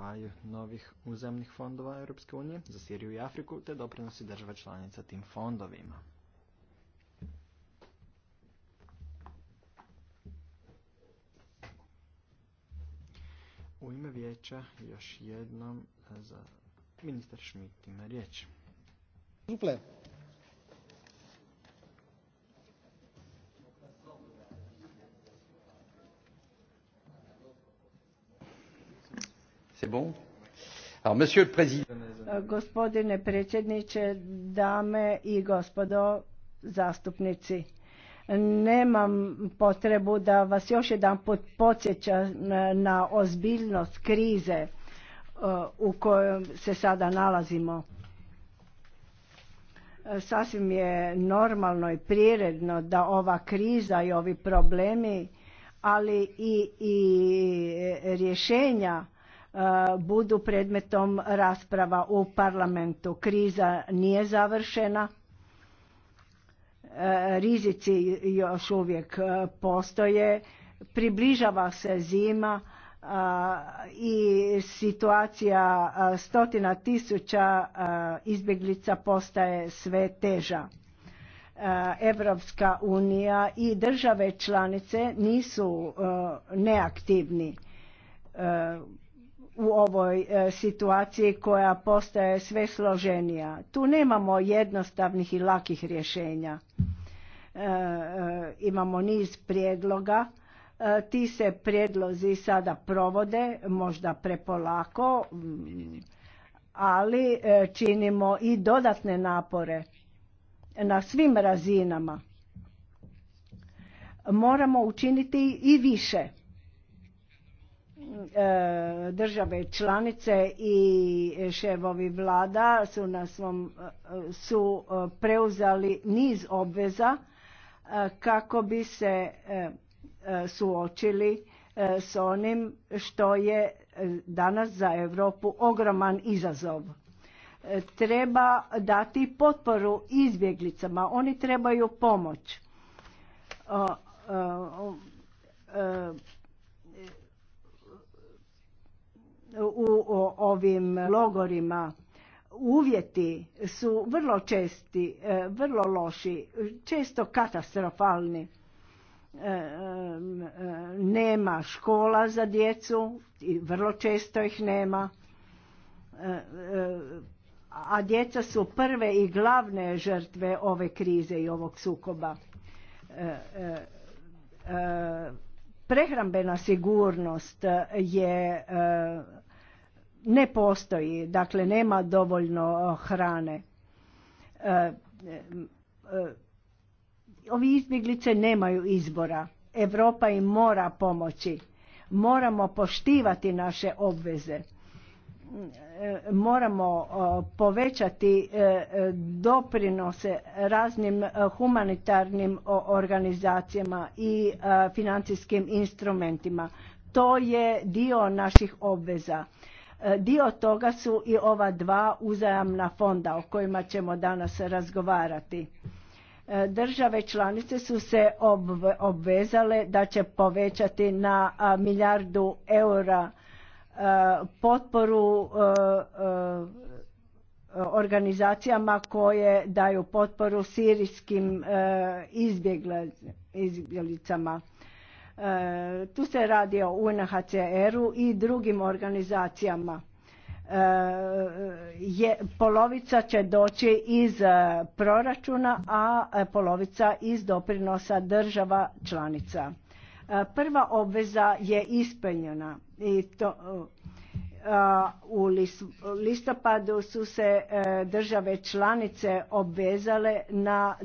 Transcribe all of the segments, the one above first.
dvaju novih uzemnih fondova Europske unije za Siriju i Afriku te doprinosi država članica tim fondovima. U ime vijeća još jednom za ministar Šmit ima riječ. E, gospodine predsjedniče, dame i gospodo zastupnici, nemam potrebu da vas još jedan put podsjećam e, na ozbiljnost krize e, u kojoj se sada nalazimo. Sasvim je normalno i priredno da ova kriza i ovi problemi, ali i rješenja E, budu predmetom rasprava u parlamentu. Kriza nije završena, e, rizici još uvijek e, postoje, približava se zima i situacija stotina tisuća izbjeglica postaje sve teža. Evropska unija i države članice nisu neaktivni u ovoj e, situaciji koja postaje sve složenija. Tu nemamo jednostavnih i lakih rješenja. E, e, imamo niz prijedloga. Ti se prijedlozi sada provode, možda prepolako, mm, ali činimo i dodatne napore na svim razinama. Moramo učiniti i više E, države članice i ševovi vlada su na svom su e, preuzeli niz obveza e, kako bi se suočili s onim što je danas za Europu ogroman izazov. Treba dati potporu izbjeglicama, oni trebaju pomoć u ovim logorima uvjeti su vrlo česti, e, vrlo loši, često katastrofalni. E, e, nema škola za djecu, i vrlo često ih nema. A djeca su prve i glavne žrtve ove krize i ovog sukoba. Prehrambena sigurnost je ne postoji, dakle nema dovoljno e, hrane. E, e, ovi izbjeglice nemaju izbora. Europa im mora pomoći. Moramo poštivati naše obveze. Moramo povećati doprinose raznim humanitarnim organizacijama i financijskim instrumentima. To je dio naših obveza. Dio toga su i ova dva uzajamna fonda o kojima ćemo danas razgovarati. E, države članice su se obvezale da će povećati na milijardu eura e, potporu e, organizacijama koje daju potporu sirijskim izbjeglicama E, tu se radi o UNHCR-u i drugim organizacijama. E, je, polovica će doći iz e, proračuna, a polovica iz doprinosa država članica. Prva obveza je ispenjena i to u listopadu su se države članice obvezale na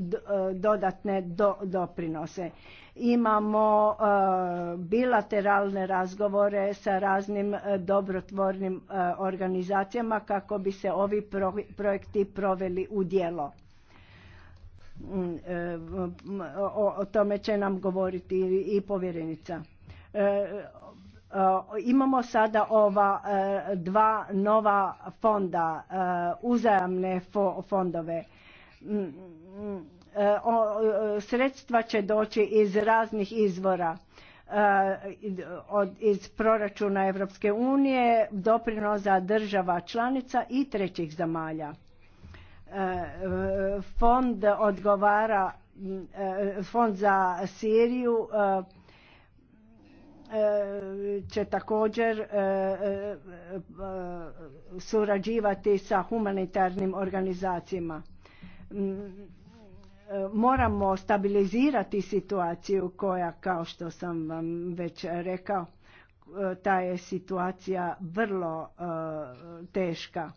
dodatne doprinose. Imamo e, bilateralne razgovore sa raznim e, dobrotvornim e, organizacijama kako bi se ovi projekti proveli u djelo. Mm, o tome će nam govoriti i povjerenica. Imamo sada ova dva nova fonda, uzajamne fondove mm, mm, Sredstva će doći iz raznih izvora e, iz proračuna Europske unije, doprinosa država članica i trećih zemalja. E, fond odgovara, e, fond za Siriju će također surađivati sa humanitarnim organizacijama moramo stabilizirati situaciju koja, kao što sam vam već rekao, ta je situacija vrlo e, teška.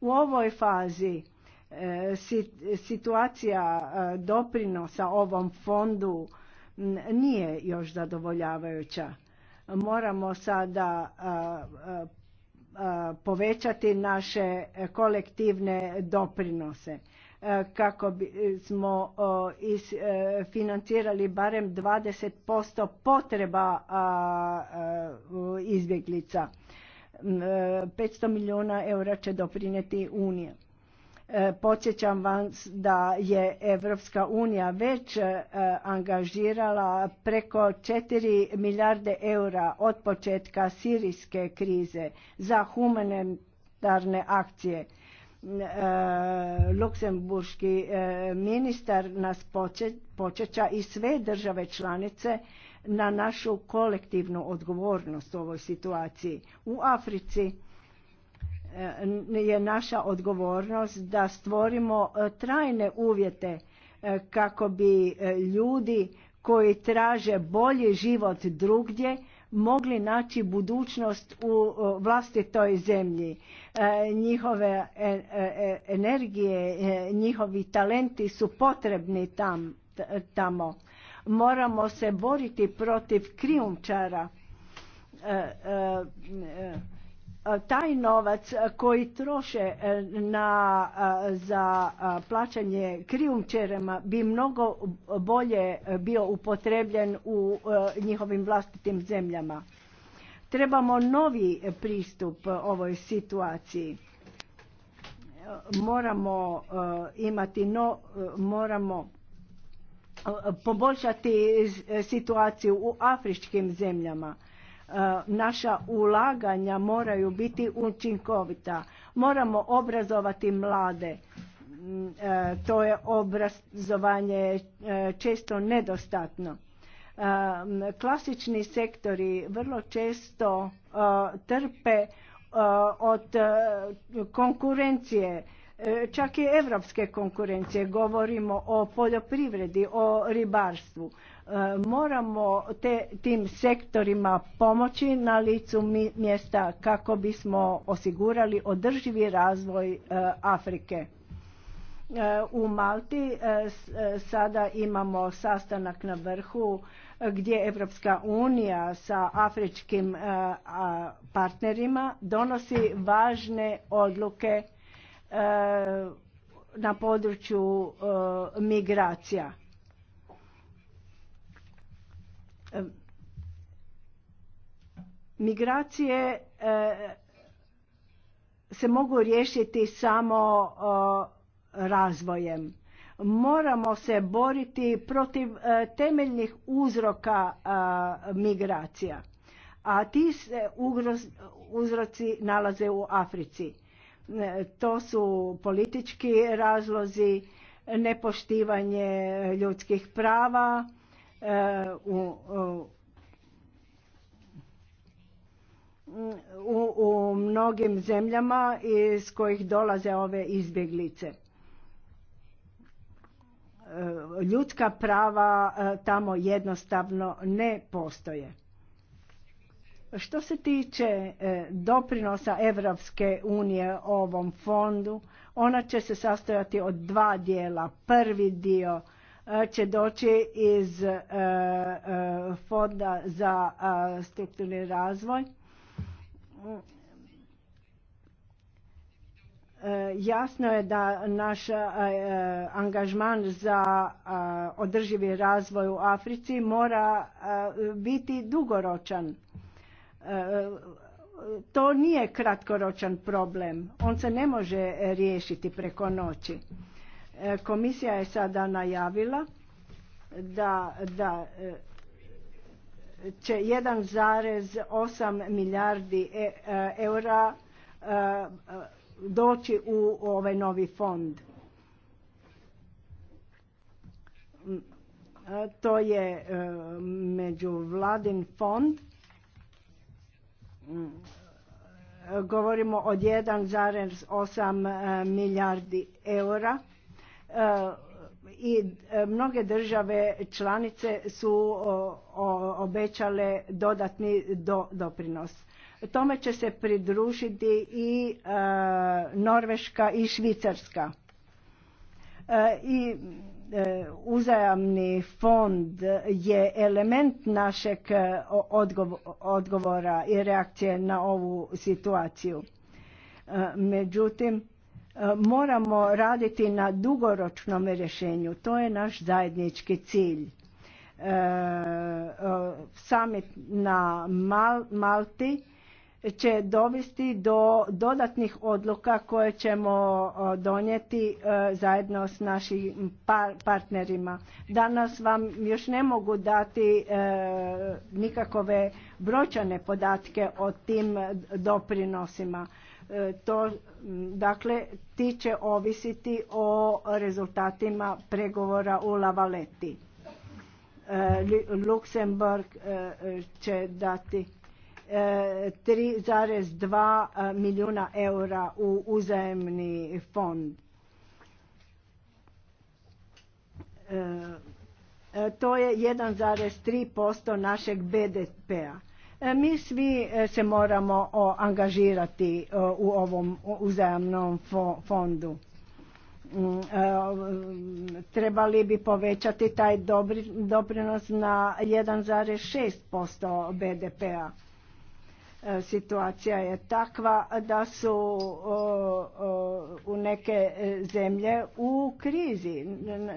U ovoj fazi e, situacija e, doprinosa ovom fondu nije još zadovoljavajuća. Moramo sada povećati naše kolektivne doprinose E, kako bismo e, e, financirali barem 20% potreba izbjeglica. 500 milijuna eura će doprinijeti Unije. Podsjećam vas da je Evropska unija već angažirala preko 4 milijarde eura od početka sirijske krize za humanitarne akcije. Eh, luksemburški eh, ministar nas počeća i sve države članice na našu kolektivnu odgovornost u ovoj situaciji. U Africi eh, je naša odgovornost da stvorimo trajne uvjete kako bi ljudi koji traže bolji život drugdje mogli naći budućnost u vlastitoj zemlji. E, njihove e, e, energije, njihovi talenti su potrebni tamo. Moramo se boriti protiv krijumčara. E, taj novac koji troše e, na, e, za plaćanje krijumčerama bi mnogo bolje bio upotrebljen u njihovim vlastitim zemljama. Trebamo novi pristup ovoj situaciji. Moramo imati no, moramo poboljšati situaciju u afričkim zemljama E, naša ulaganja moraju biti učinkovita. Moramo obrazovati mlade. Mm, e, to je obrazovanje e, često nedostatno. Klasični sektori vrlo često trpe od konkurencije, čak i evropske konkurencije. Govorimo o poljoprivredi, o ribarstvu. E, moramo te, tim sektorima pomoći na licu mjesta kako bismo osigurali održivi razvoj e, Afrike. E, u Malti sada imamo sastanak na vrhu gdje Evropska unija sa afričkim partnerima donosi važne odluke na području migracija Migracije e, se mogu riješiti samo e, razvojem. Moramo se boriti protiv e, temeljnih uzroka migracija. A ti se uzroci nalaze u Africi. To su politički razlozi, nepoštivanje ljudskih prava, u, mnogim zemljama iz kojih dolaze ove izbjeglice. Ljudska prava e, tamo jednostavno ne postoje. Što se tiče e, doprinosa Evropske unije ovom fondu, ona će se sastojati od dva dijela. Prvi dio će doći iz e, e, fonda za e, strukturni razvoj. Jasno je da naš angažman za održivi razvoj u Africi mora biti dugoročan. To nije kratkoročan problem. On se ne može riješiti preko noći. E, komisija je sada najavila da, da e, će 1,8 milijardi e, eura doći u ovaj novi fond. To je vladin fond. Govorimo od 1,8 milijardi eura E, i e, mnoge države članice su obećale dodatni doprinos. Tome će se pridružiti i e, Norveška i Švicarska. I uzajamni fond je element našeg odgovora i reakcije na ovu situaciju. Međutim, Moramo raditi na dugoročnom rješenju, to je naš zajednički cilj. E, summit na Malti će dovesti do dodatnih odluka koje ćemo donijeti e, zajedno s našim partnerima. Danas vam još ne mogu dati e, nikakove broćane podatke o tim doprinosima. E, to, dakle, ti će ovisiti o rezultatima pregovora u Lavaleti. E, Luksemburg e, će dati 3,2 milijuna eura u uzajemni fond. To je 1,3% našeg BDP-a. E, mi svi e, se moramo angažirati e, u ovom uzajamnom fondu. Mm, trebali bi povećati taj doprinos na 1,6% BDP-a. Situacija je takva da su u neke zemlje u krizi.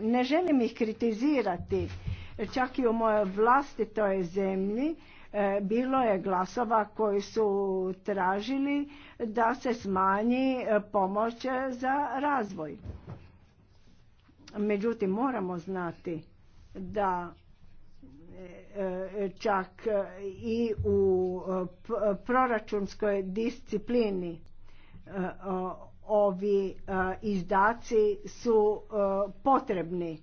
Ne želim ih kritizirati. Čak i u mojoj vlastitoj zemlji E, bilo je glasova koji su tražili da se smanji e, pomoć za razvoj. Međutim, moramo znati da e, čak i u proračunskoj disciplini ovi izdaci su potrebni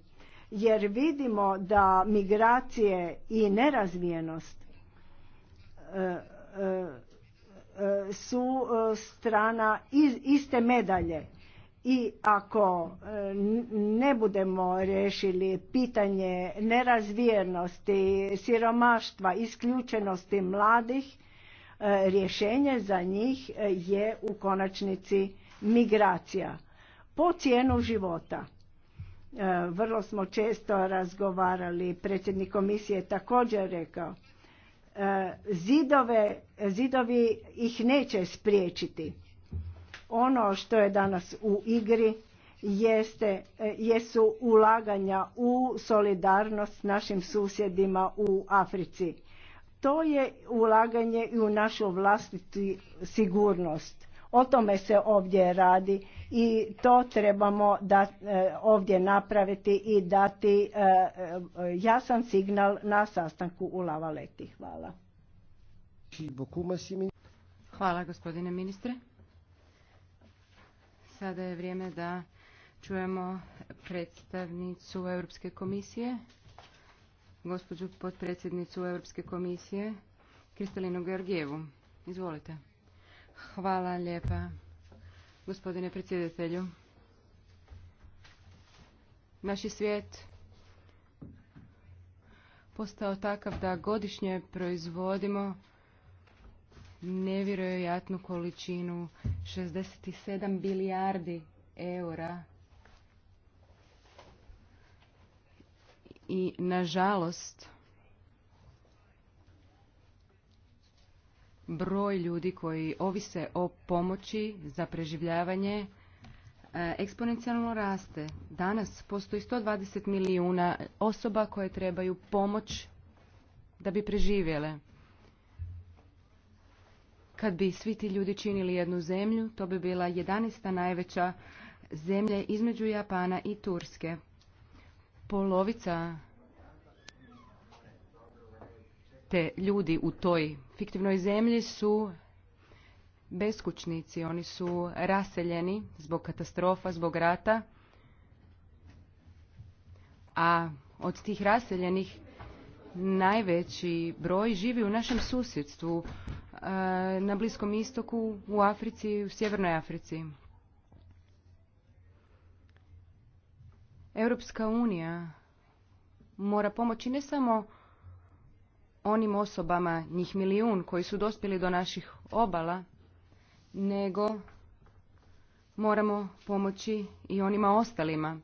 jer vidimo da migracije i nerazvijenost su e, strana iste medalje i ako e, ne budemo riješili pitanje nerazvijenosti, siromaštva, isključenosti mladih, e, rješenje za njih je u konačnici migracija po cijenu života. Vrlo smo često razgovarali, predsjednik komisije također rekao Zidove, zidovi ih neće spriječiti. Ono što je danas u igri jeste, jesu ulaganja u solidarnost našim susjedima u Africi. To je ulaganje i u našu vlastitu sigurnost. O tome se ovdje radi i to trebamo da, e, ovdje napraviti i dati e, e, jasan signal na sastanku u Lavaleti. Hvala. Hvala gospodine ministre. Sada je vrijeme da čujemo predstavnicu Europske komisije, gospođu potpredsjednicu Europske komisije, Kristalinu Georgijevu. Izvolite. Hvala lijepa, gospodine predsjedatelju. Naš svijet postao takav da godišnje proizvodimo nevjerojatnu količinu 67 bilijardi eura i nažalost broj ljudi koji ovise o pomoći za preživljavanje e, eksponencijalno raste. Danas postoji 120 milijuna osoba koje trebaju pomoć da bi preživjele. Kad bi svi ti ljudi činili jednu zemlju, to bi bila 11. najveća zemlja između Japana i Turske. Polovica te ljudi u toj fiktivnoj zemlji su beskućnici, oni su raseljeni zbog katastrofa, zbog rata, a od tih raseljenih najveći broj živi u našem susjedstvu, e, na Bliskom istoku, u Africi, u Sjevernoj Africi. Europska unija mora pomoći ne samo onim osobama, njih milijun, koji su dospjeli do naših obala, nego moramo pomoći i onima ostalima.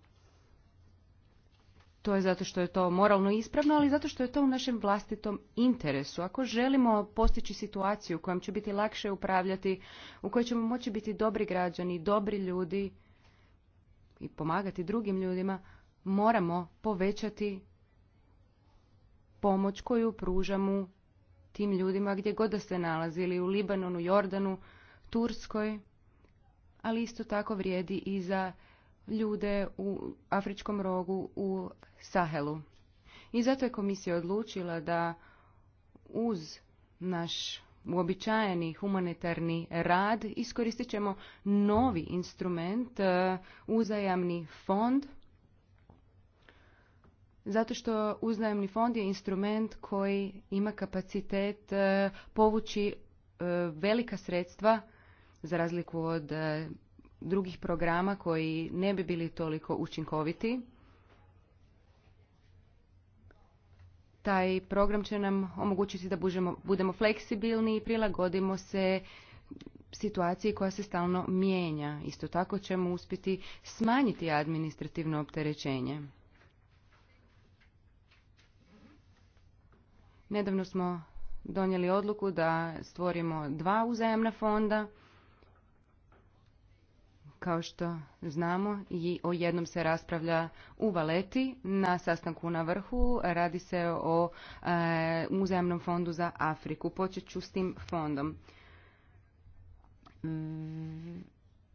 To je zato što je to moralno ispravno, ali zato što je to u našem vlastitom interesu. Ako želimo postići situaciju u kojem će biti lakše upravljati, u kojoj ćemo moći biti dobri građani, dobri ljudi i pomagati drugim ljudima, moramo povećati pomoć koju pružamo tim ljudima gdje god da se nalazili u Libanonu, Jordanu, Turskoj, ali isto tako vrijedi i za ljude u Afričkom rogu u Sahelu. I zato je komisija odlučila da uz naš uobičajeni humanitarni rad iskoristit ćemo novi instrument, e, uzajamni fond zato što uznajemni fond je instrument koji ima kapacitet e, povući e, velika sredstva za razliku od e, drugih programa koji ne bi bili toliko učinkoviti. Taj program će nam omogućiti da budemo fleksibilni i prilagodimo se situaciji koja se stalno mijenja. Isto tako ćemo uspjeti smanjiti administrativno opterećenje. Nedavno smo donijeli odluku da stvorimo dva uzajamna fonda. Kao što znamo, i o jednom se raspravlja u Valeti na sastanku na vrhu. Radi se o e, fondu za Afriku. Počet ću s tim fondom.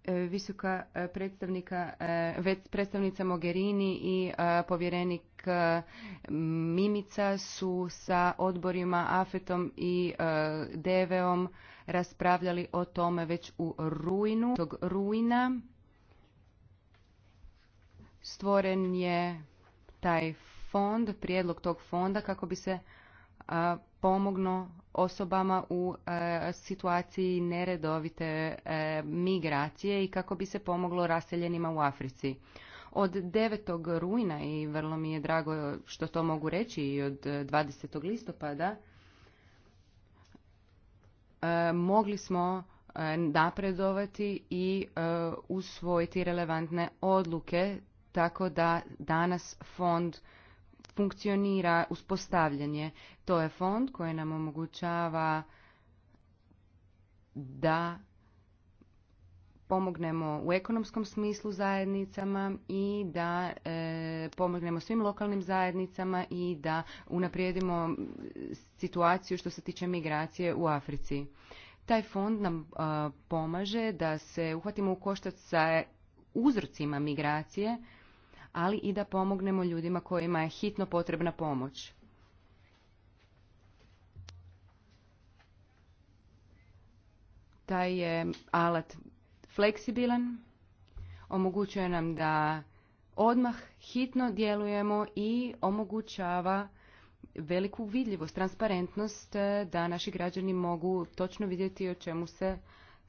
E, visoka e, predstavnika, e, predstavnica Mogherini i povjerenik Mimica su sa odborima Afetom i Deveom raspravljali o tome već u rujnu. Tog rujna stvoren je taj fond, prijedlog tog fonda kako bi se pomognu osobama u e, situaciji neredovite e, migracije i kako bi se pomoglo raseljenima u Africi. Od 9. rujna i vrlo mi je drago što to mogu reći i od 20. listopada e, mogli smo napredovati i usvojiti relevantne odluke tako da danas fond funkcionira uspostavljanje. To je fond koji nam omogućava da pomognemo u ekonomskom smislu zajednicama i da e, pomognemo svim lokalnim zajednicama i da unaprijedimo situaciju što se tiče migracije u Africi. Taj fond nam e, pomaže da se uhvatimo u koštac sa uzrocima migracije ali i da pomognemo ljudima kojima je hitno potrebna pomoć. Taj je alat fleksibilan, omogućuje nam da odmah hitno djelujemo i omogućava veliku vidljivost, transparentnost eh, da naši građani mogu točno vidjeti o čemu se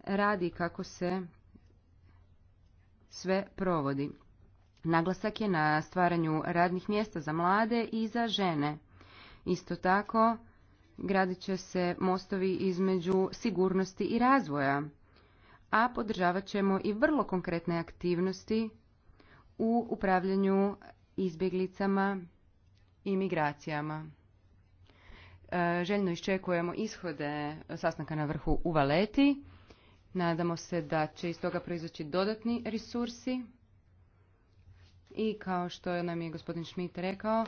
radi, kako se sve provodi. Naglasak je na stvaranju radnih mjesta za mlade i za žene. Isto tako, gradit će se mostovi između sigurnosti i razvoja, a podržavat ćemo i vrlo konkretne aktivnosti u upravljanju izbjeglicama i migracijama. E, željno iščekujemo ishode sastanka na vrhu u Valeti. Nadamo se da će iz toga proizaći dodatni resursi i kao što nam je gospodin Schmidt rekao,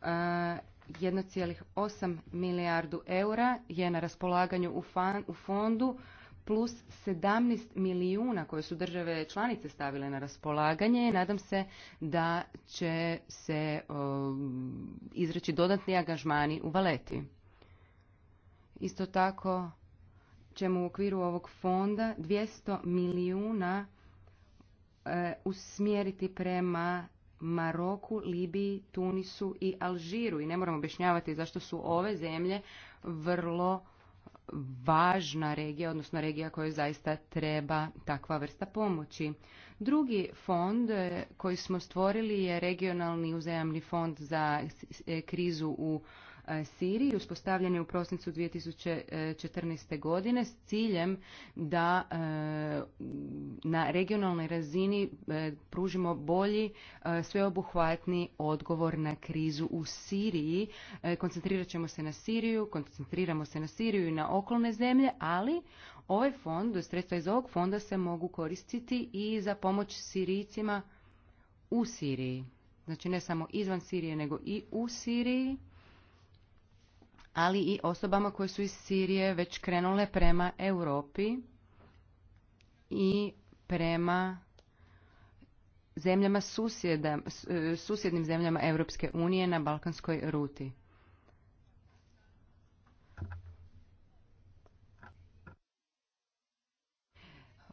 1,8 e, milijardu eura je na raspolaganju u fondu plus 17 milijuna koje su države članice stavile na raspolaganje. Nadam se da će se izreći dodatni angažmani u valeti. Isto tako ćemo u okviru ovog fonda 200 milijuna E, usmjeriti prema Maroku, Libiji, Tunisu i Alžiru. I ne moramo objašnjavati zašto su ove zemlje vrlo važna regija, odnosno regija kojoj zaista treba takva vrsta pomoći. Drugi fond e, koji smo stvorili je regionalni uzajamni fond za e, krizu u E, Siriji, uspostavljen je u prosincu 2014. godine s ciljem da e, na regionalnoj razini e, pružimo bolji, sveobuhvatni odgovor na krizu u Siriji. Koncentrirat ćemo se na Siriju, koncentriramo se na Siriju i na okolne zemlje, ali ovaj fond, sredstva iz ovog fonda se mogu koristiti i za pomoć Sirijcima u Siriji. Znači ne samo izvan Sirije, nego i u Siriji ali i osobama koje su iz Sirije već krenule prema Europi i prema zemljama susjeda, e, susjednim zemljama Europske unije na balkanskoj ruti.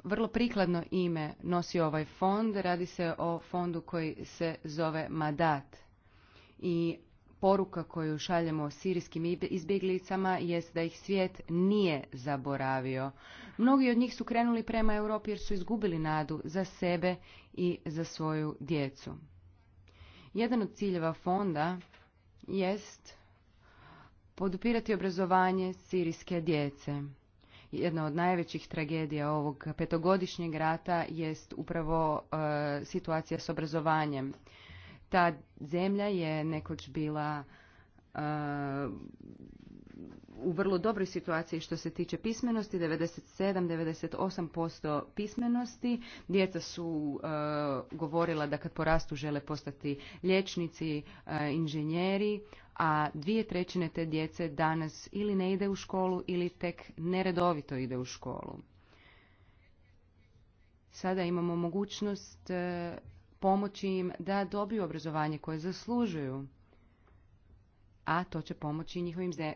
Vrlo prikladno ime nosi ovaj fond, radi se o fondu koji se zove Madat i poruka koju šaljemo sirijskim izbjeglicama jest da ih svijet nije zaboravio. Mnogi od njih su krenuli prema Europi jer su izgubili nadu za sebe i za svoju djecu. Jedan od ciljeva fonda jest podupirati obrazovanje sirijske djece. Jedna od najvećih tragedija ovog petogodišnjeg rata jest upravo e, situacija s obrazovanjem. Ta zemlja je nekoć bila e, u vrlo dobroj situaciji što se tiče pismenosti, 97-98% pismenosti. Djeca su e, govorila da kad porastu žele postati liječnici, e, inženjeri, a dvije trećine te djece danas ili ne ide u školu ili tek neredovito ide u školu. Sada imamo mogućnost pomoći im da dobiju obrazovanje koje zaslužuju, a to će pomoći njihovim e,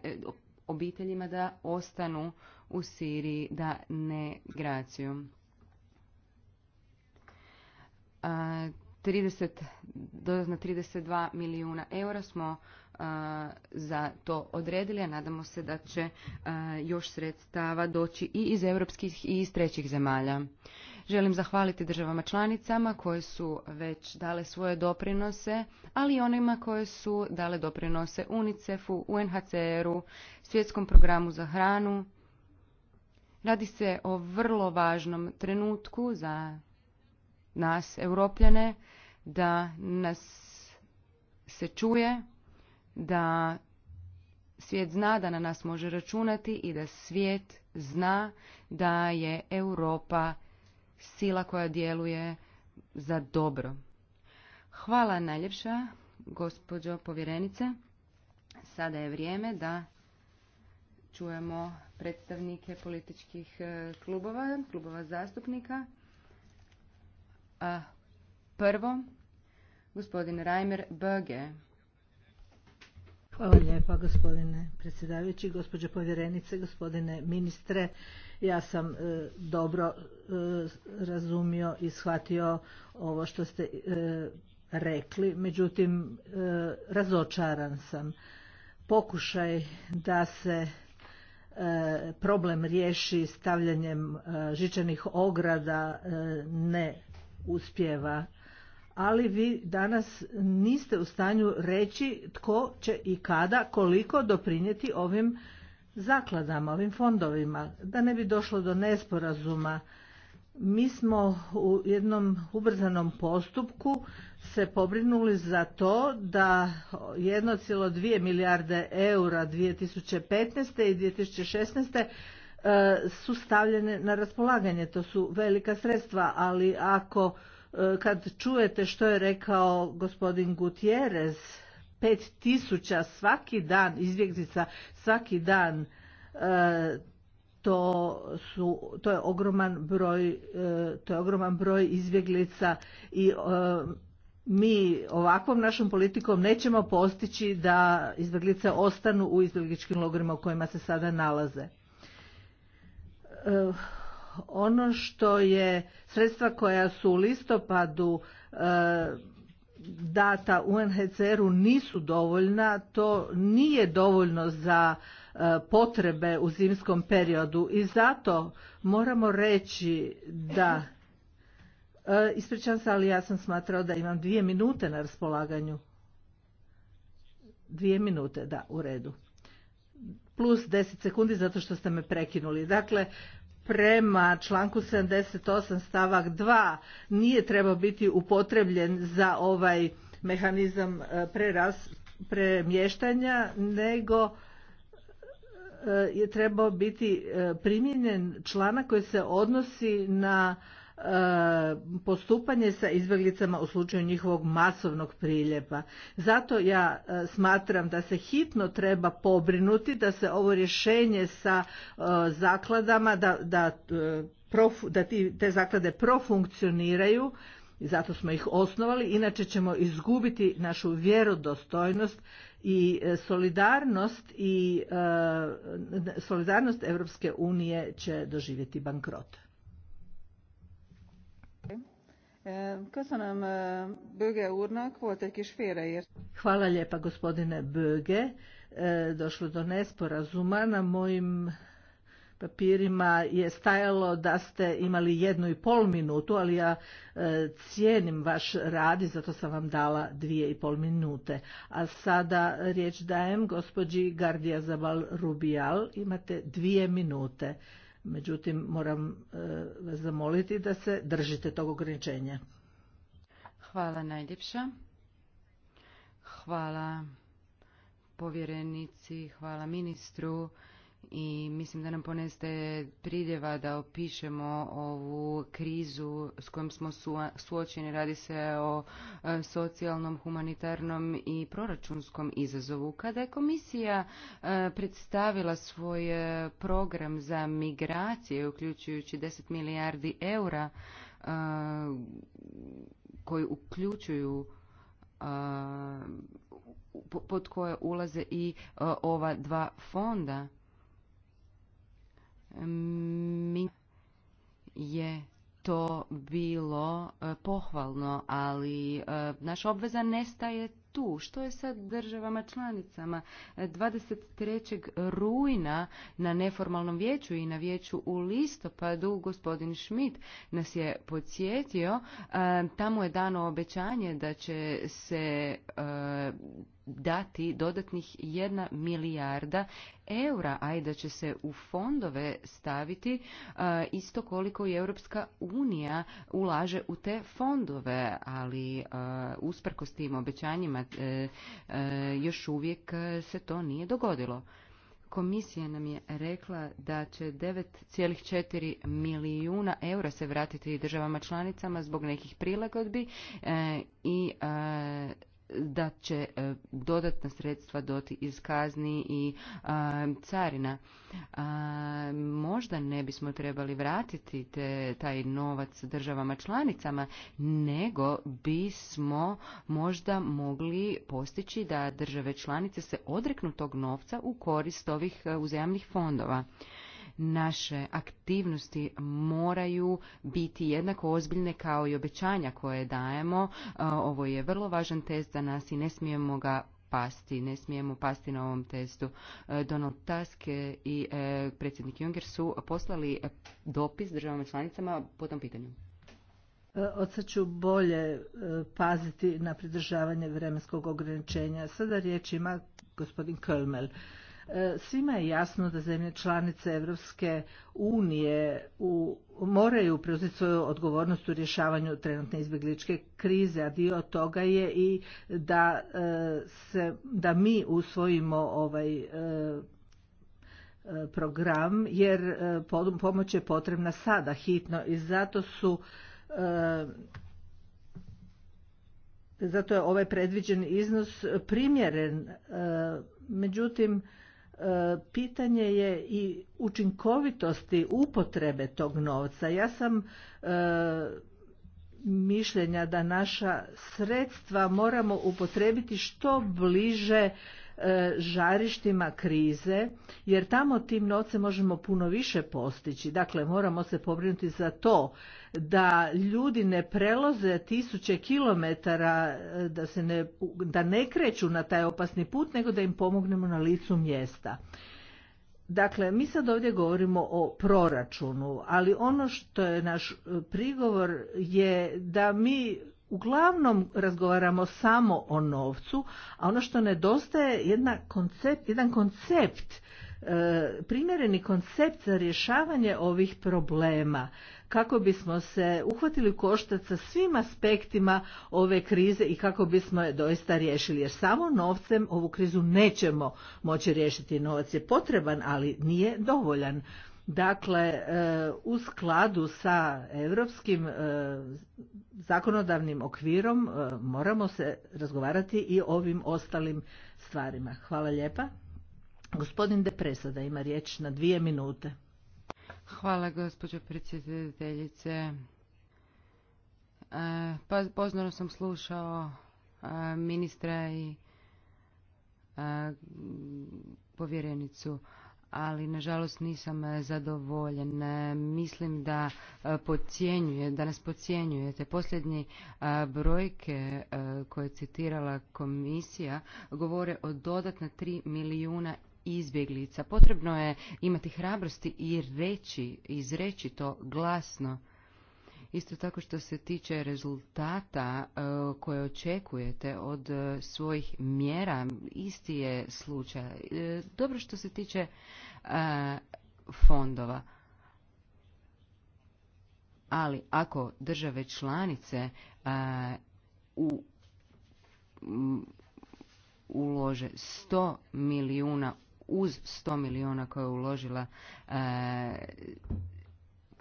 obiteljima da ostanu u Siriji, da ne graciju. 30, dodatno 32 milijuna eura smo za to odredili, a nadamo se da će još sredstava doći i iz europskih i iz trećih zemalja. Želim zahvaliti državama članicama koje su već dale svoje doprinose, ali i onima koje su dale doprinose UNICEF-u, UNHCR-u, Svjetskom programu za hranu. Radi se o vrlo važnom trenutku za nas, europljane, da nas se čuje, da svijet zna da na nas može računati i da svijet zna da je Europa sila koja djeluje za dobro. Hvala najljepša, gospođo povjerenice. Sada je vrijeme da čujemo predstavnike političkih e, klubova, klubova zastupnika. A prvo, gospodin Reimer Böge. Hvala lijepa gospodine predsjedavajući, gospođo povjerenice, gospodine ministre. Ja sam e, dobro e, razumio i shvatio ovo što ste e, rekli, međutim razočaran sam. Pokušaj da se problem riješi stavljanjem žičanih ograda ne uspjeva ali vi danas niste u stanju reći tko će i kada koliko doprinijeti ovim zakladama, ovim fondovima, da ne bi došlo do nesporazuma. Mi smo u jednom ubrzanom postupku se pobrinuli za to da 1,2 milijarde eura 2015. i 2016 e, su stavljene na raspolaganje. To su velika sredstva, ali ako e, kad čujete što je rekao gospodin Gutierrez pet tisuća svaki dan izbjeglica svaki dan e, to su to je ogroman broj e, to je ogroman broj izbjeglica i e, mi ovakvom našom politikom nećemo postići da izbjeglice ostanu u izbjegličkim logorima u kojima se sada nalaze ono što je sredstva koja su u listopadu data UNHCR-u nisu dovoljna, to nije dovoljno za e, potrebe u zimskom periodu i zato moramo reći da e, ispričam se, ali ja sam smatrao da imam dvije minute na raspolaganju. Dvije minute, da, u redu. Plus deset sekundi zato što ste me prekinuli. Dakle, prema članku 78 stavak 2 nije trebao biti upotrebljen za ovaj mehanizam e, preras, premještanja, nego e, je trebao biti e, primijenjen članak koji se odnosi na E, postupanje sa izbjeglicama u slučaju njihovog masovnog priljepa. Zato ja e, smatram da se hitno treba pobrinuti da se ovo rješenje sa e, zakladama, da, da, da te zaklade profunkcioniraju, i zato smo ih osnovali, inače ćemo izgubiti našu vjerodostojnost i solidarnost i solidarnost Europske unije će doživjeti bankrot. E, e, Hvala lijepa gospodine Böge. E, došlo do nesporazuma. Na mojim papirima je stajalo da ste imali jednu i pol minutu, ali ja cijenim vaš rad i zato sam vam dala dvije i pol minute. A sada riječ dajem gospođi Gardija Zabal Rubijal. Imate dvije minute. Međutim, moram e, vas zamoliti da se držite tog ograničenja. Hvala najljepša. Hvala povjerenici, hvala ministru i mislim da nam poneste pridjeva da opišemo ovu krizu s kojom smo suočeni. Radi se o e, socijalnom, humanitarnom i proračunskom izazovu. Kada je komisija e, predstavila svoj e, program za migracije, uključujući 10 milijardi eura koji uključuju pod koje ulaze i ova dva fonda, mi je to bilo e, pohvalno, ali e, naša obveza nestaje tu. Što je sad državama članicama? 23. E, rujna na neformalnom vijeću i na vijeću u listopadu gospodin Schmidt nas je podsjetio. Tamo je dano obećanje da će se dati dodatnih jedna milijarda eura, a i da će se u fondove staviti e, isto koliko i Europska unija ulaže u te fondove, ali e, usprkos tim obećanjima e, još uvijek se to nije dogodilo. Komisija nam je rekla da će 9,4 milijuna eura se vratiti državama članicama zbog nekih prilagodbi i da će e, dodatna sredstva doti iz kazni i carina. možda ne bismo trebali vratiti te, taj novac državama članicama, nego bismo možda mogli postići da države članice se odreknu tog novca u korist ovih e, uzajamnih fondova. Naše aktivnosti moraju biti jednako ozbiljne kao i obećanja koje dajemo. E, ovo je vrlo važan test za nas i ne smijemo ga pasti, ne smijemo pasti na ovom testu. E, Donald Tusk i e, predsjednik Juncker su poslali dopis državama članicama po tom pitanju. Od sad ću bolje paziti na pridržavanje vremenskog ograničenja. Sada riječ ima gospodin Kölmel. E, svima je jasno da zemlje članice Europske unije moraju preuzeti svoju odgovornost u rješavanju trenutne izbjegličke krize, a dio toga je i da, e, se, da mi usvojimo ovaj e, program jer pomoć je potrebna sada hitno i zato su zato je ovaj predviđeni iznos primjeren međutim pitanje je i učinkovitosti upotrebe tog novca. Ja sam e, mišljenja da naša sredstva moramo upotrebiti što bliže E, žarištima krize jer tamo tim novcem možemo puno više postići. Dakle, moramo se pobrinuti za to da ljudi ne preloze tisuće kilometara, e, da, se ne, da ne kreću na taj opasni put, nego da im pomognemo na licu mjesta. Dakle, mi sad ovdje govorimo o proračunu, ali ono što je naš e, prigovor je da mi uglavnom razgovaramo samo o novcu, a ono što nedostaje je koncept, jedan koncept, e, primjereni koncept za rješavanje ovih problema kako bismo se uhvatili koštac sa svim aspektima ove krize i kako bismo je doista riješili. Jer samo novcem ovu krizu nećemo moći riješiti. Novac je potreban, ali nije dovoljan. Dakle, e, u skladu sa europskim e, zakonodavnim okvirom e, moramo se razgovarati i ovim ostalim stvarima. Hvala lijepa. Gospodin Depresa da ima riječ na dvije minute. Hvala gospođo predsjedateljice. Pa sam slušao ministra i povjerenicu ali nažalost nisam e, zadovoljen. Mislim da e, podcjenjuje, da nas podcjenjujete. Posljednje e, brojke koje je citirala komisija govore o dodatna 3 milijuna izbjeglica. Potrebno je imati hrabrosti i reći, izreći to glasno Isto tako što se tiče rezultata e, koje očekujete od e, svojih mjera, isti je slučaj. E, dobro što se tiče fondova. Ali ako države članice u ulože 100 milijuna uz 100 milijuna koje je uložila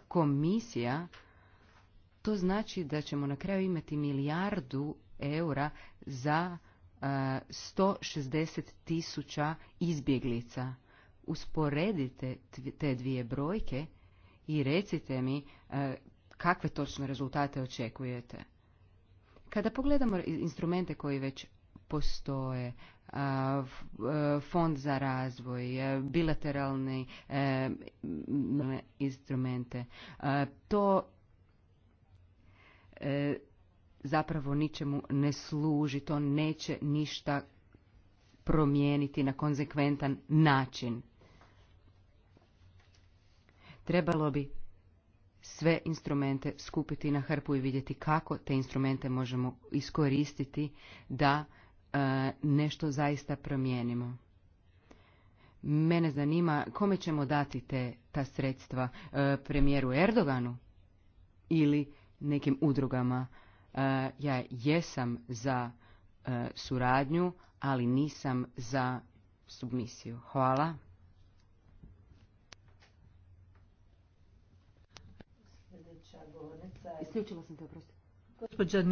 komisija to znači da ćemo na kraju imati milijardu eura za 160 e, tisuća izbjeglica. Usporedite te dvije brojke i recite mi e, kakve točno rezultate očekujete. Kada pogledamo instrumente koji već postoje, e, fond za razvoj, bilateralne instrumente, to E, zapravo ničemu ne služi, to neće ništa promijeniti na konzekventan način. Trebalo bi sve instrumente skupiti na hrpu i vidjeti kako te instrumente možemo iskoristiti da e, nešto zaista promijenimo. Mene zanima kome ćemo dati te ta sredstva e, premijeru Erdoganu ili nekim udrugama. E, ja jesam za e, suradnju, ali nisam za submisiju. Hvala. te, Gospođa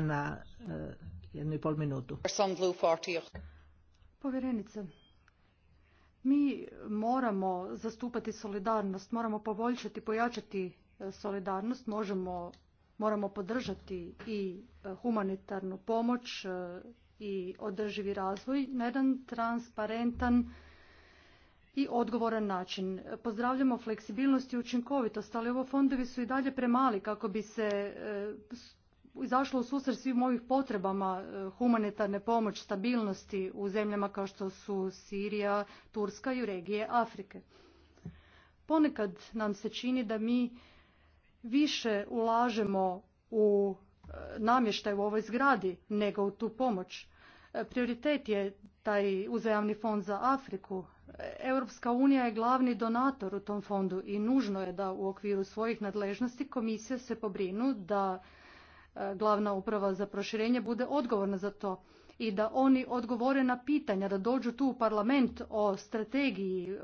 na e, jednu i pol minutu. Povjerenice, mi moramo zastupati solidarnost, moramo poboljšati, pojačati solidarnost možemo, moramo podržati i e, humanitarnu pomoć e, i održivi razvoj na jedan transparentan i odgovoran način. Pozdravljamo fleksibilnost i učinkovitost, ali ovo fondovi su i dalje premali kako bi se e, izašlo u susret svim ovih potrebama humanitarne pomoć, stabilnosti u zemljama kao što su Sirija, Turska i regije Afrike. Ponekad nam se čini da mi više ulažemo u e, namještaj u ovoj zgradi nego u tu pomoć. E, prioritet je taj uzajamni fond za Afriku. E, Europska unija je glavni donator u tom fondu i nužno je da u okviru svojih nadležnosti komisija se pobrinu da glavna uprava za proširenje bude odgovorna za to i da oni odgovore na pitanja, da dođu tu u parlament o strategiji e,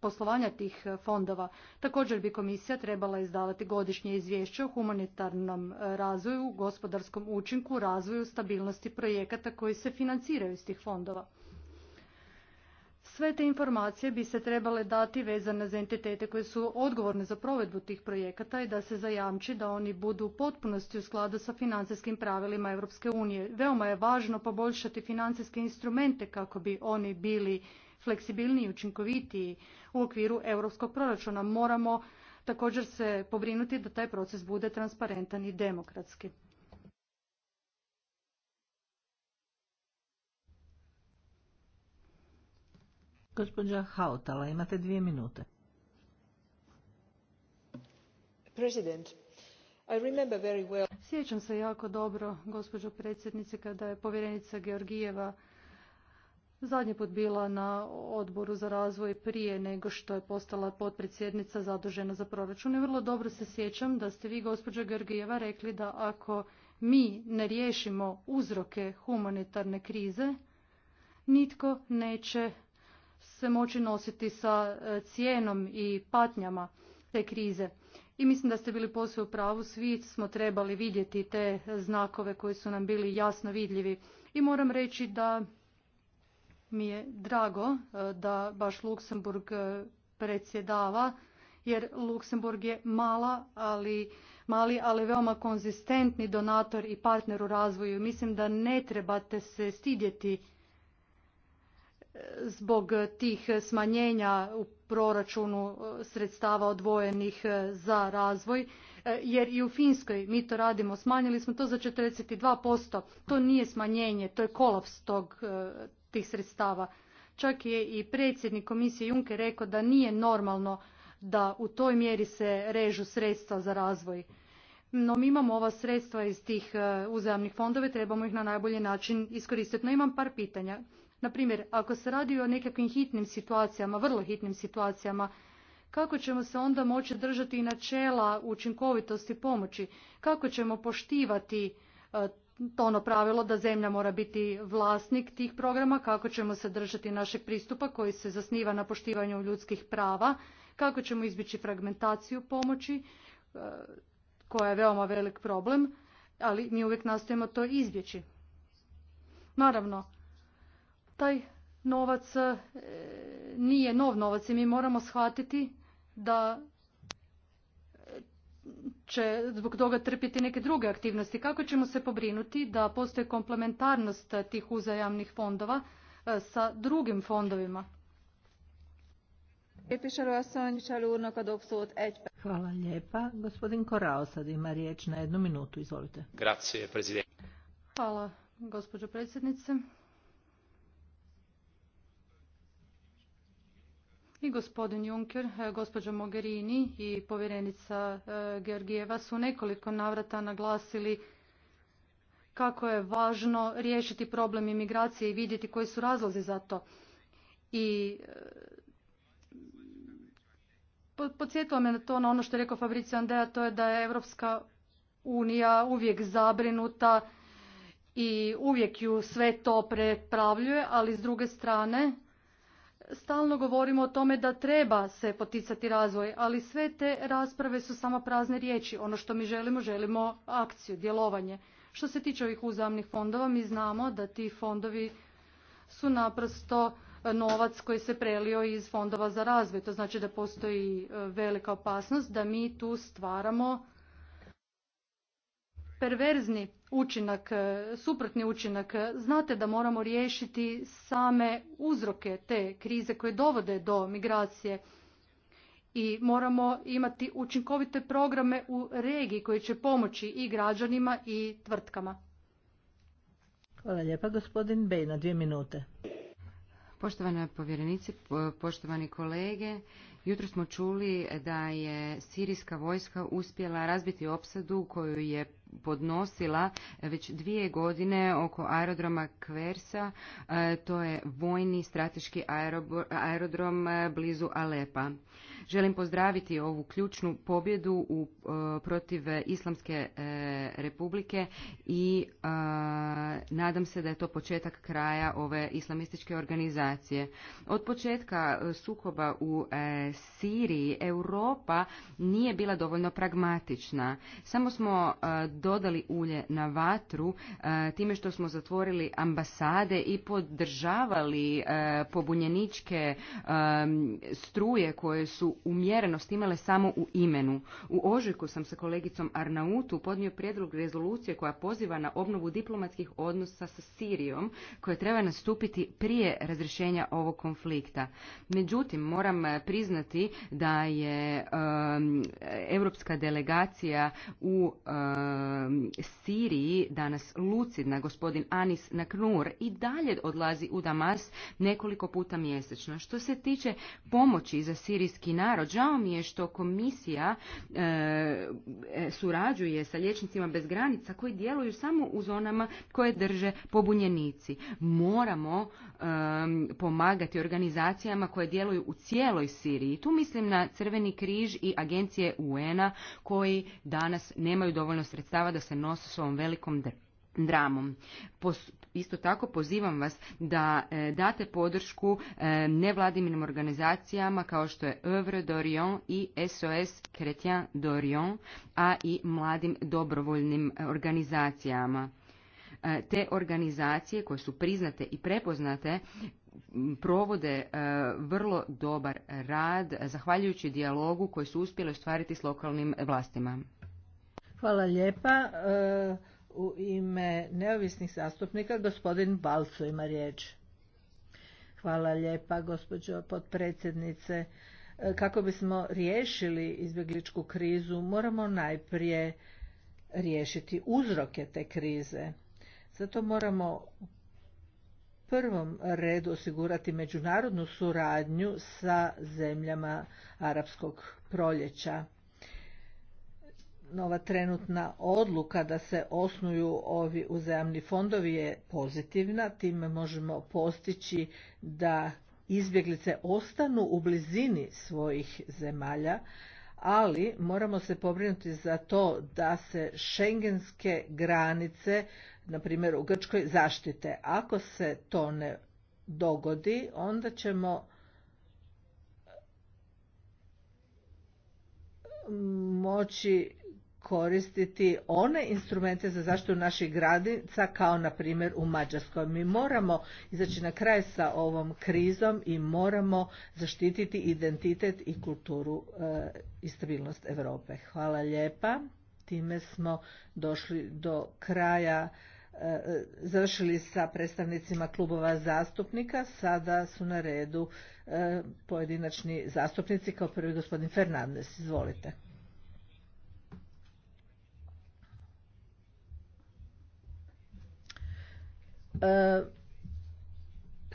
poslovanja tih fondova. Također bi komisija trebala izdavati godišnje izvješće o humanitarnom razvoju, gospodarskom učinku, razvoju, stabilnosti projekata koji se financiraju iz tih fondova. Sve te informacije bi se trebale dati vezane za entitete koje su odgovorne za provedbu tih projekata i da se zajamči da oni budu u potpunosti u skladu sa financijskim pravilima Europske unije. Veoma je važno poboljšati financijske instrumente kako bi oni bili fleksibilniji i učinkovitiji u okviru europskog proračuna. Moramo također se pobrinuti da taj proces bude transparentan i demokratski. Gospođa Hautala, imate dvije minute. Sjećam se jako dobro, gospođo predsjednice, kada je povjerenica Georgijeva zadnji put bila na odboru za razvoj prije nego što je postala potpredsjednica zadužena za proračun. I vrlo dobro se sjećam da ste vi, gospođo Georgijeva, rekli da ako mi ne riješimo uzroke humanitarne krize, nitko neće se moći nositi sa e, cijenom i patnjama te krize. I mislim da ste bili posve u pravu, svi smo trebali vidjeti te znakove koji su nam bili jasno vidljivi. I moram reći da mi je drago e, da baš Luksemburg e, predsjedava, jer Luksemburg je mala, ali mali, ali veoma konzistentni donator i partner u razvoju. Mislim da ne trebate se stidjeti zbog tih smanjenja u proračunu e, sredstava odvojenih e, za razvoj, e, jer i u Finskoj mi to radimo, smanjili smo to za 42%, to nije smanjenje, to je kolaps tog, tih sredstava. Čak je i predsjednik komisije Juncker rekao da nije normalno da u toj mjeri se režu sredstva za razvoj. No mi imamo ova sredstva iz tih uzajamnih fondova trebamo ih na najbolji način iskoristiti. No imam par pitanja. Na primjer, ako se radi o nekakvim hitnim situacijama, vrlo hitnim situacijama, kako ćemo se onda moći držati i načela učinkovitosti pomoći? Kako ćemo poštivati e, to ono pravilo da zemlja mora biti vlasnik tih programa, kako ćemo se držati našeg pristupa koji se zasniva na poštivanju ljudskih prava, kako ćemo izbjeći fragmentaciju pomoći e, koja je veoma velik problem, ali mi uvijek nastojimo to izbjeći. Naravno, taj novac e, nije nov novac i mi moramo shvatiti da e, će zbog toga trpiti neke druge aktivnosti. Kako ćemo se pobrinuti da postoji komplementarnost tih uzajamnih fondova e, sa drugim fondovima? Hvala lijepa. Gospodin Korao sad ima riječ na jednu minutu. Izvolite. Hvala, gospođo predsjednice. i gospodin Juncker, e, gospođa Mogherini i povjerenica e, Georgijeva su nekoliko navrata naglasili kako je važno riješiti problem imigracije i vidjeti koji su razlozi za to. I e, podsjetilo me na to na ono što je rekao Fabricio Andea, to je da je Europska unija uvijek zabrinuta i uvijek ju sve to prepravljuje, ali s druge strane stalno govorimo o tome da treba se poticati razvoj, ali sve te rasprave su samo prazne riječi. Ono što mi želimo, želimo akciju, djelovanje. Što se tiče ovih uzamnih fondova, mi znamo da ti fondovi su naprosto novac koji se prelio iz fondova za razvoj. To znači da postoji e, velika opasnost da mi tu stvaramo perverzni učinak, e, suprotni učinak. Znate da moramo riješiti same uzroke te krize koje dovode do migracije i moramo imati učinkovite programe u regiji koji će pomoći i građanima i tvrtkama. Hvala lijepa gospodin Bej na dvije minute. Poštovana povjerenice, poštovani kolege, jutro smo čuli da je sirijska vojska uspjela razbiti opsadu koju je podnosila već dvije godine oko aerodroma Kversa, e, to je vojni strateški aerodrom e, blizu Alepa. Želim pozdraviti ovu ključnu pobjedu u, e, protiv e, Islamske e, republike i nadam se da je to početak kraja ove islamističke organizacije. Od početka sukoba u Siriji Europa nije bila dovoljno pragmatična. Samo smo dodali ulje na vatru time što smo zatvorili ambasade i podržavali pobunjeničke struje koje su umjerenost imale samo u imenu. U ožujku sam sa kolegicom Arnautu podnio prijedlog rezolucije koja poziva na obnovu diplomatskih odnosa sa Sirijom koja treba nastupiti prije razrješenja ovog konflikta. Međutim, moram eh, priznati da je ehm, evropska europska delegacija u ehm, Siriji danas lucidna gospodin Anis Naknur i dalje odlazi u Damas nekoliko puta mjesečno. Što se tiče pomoći za sirijski narod, narod. Žao mi je što komisija e, e, surađuje sa liječnicima bez granica koji djeluju samo u zonama koje drže pobunjenici. Moramo pomagati organizacijama koje djeluju u cijeloj Siriji. Tu mislim na Crveni križ i agencije UN-a koji danas nemaju dovoljno sredstava da se nose s ovom velikom dramom. Isto tako pozivam vas da e, date podršku e, nevladinim organizacijama kao što je Oeuvre d'Orion i SOS Chrétien d'Orion, a i mladim dobrovoljnim organizacijama. E, te organizacije koje su priznate i prepoznate provode vrlo dobar rad zahvaljujući dijalogu koji su uspjeli ostvariti s lokalnim vlastima. Hvala lijepa u ime neovisnih zastupnika gospodin Balco ima riječ. Hvala lijepa gospođo potpredsjednice. E, kako bismo riješili izbjegličku krizu moramo najprije riješiti uzroke te krize. Zato moramo u prvom redu osigurati međunarodnu suradnju sa zemljama arapskog proljeća nova trenutna odluka da se osnuju ovi uzajamni fondovi je pozitivna, time možemo postići da izbjeglice ostanu u blizini svojih zemalja, ali moramo se pobrinuti za to da se šengenske granice, na primjer u Grčkoj, zaštite. Ako se to ne dogodi, onda ćemo mm, moći koristiti one instrumente za zaštitu naših granica kao na primjer u Mađarskoj. Mi moramo izaći na kraj sa ovom krizom i moramo zaštititi identitet i kulturu eh, i stabilnost Europe. Hvala lijepa. Time smo došli do kraja eh, završili sa predstavnicima klubova zastupnika. Sada su na redu eh, pojedinačni zastupnici kao prvi gospodin Fernandez. Izvolite. E,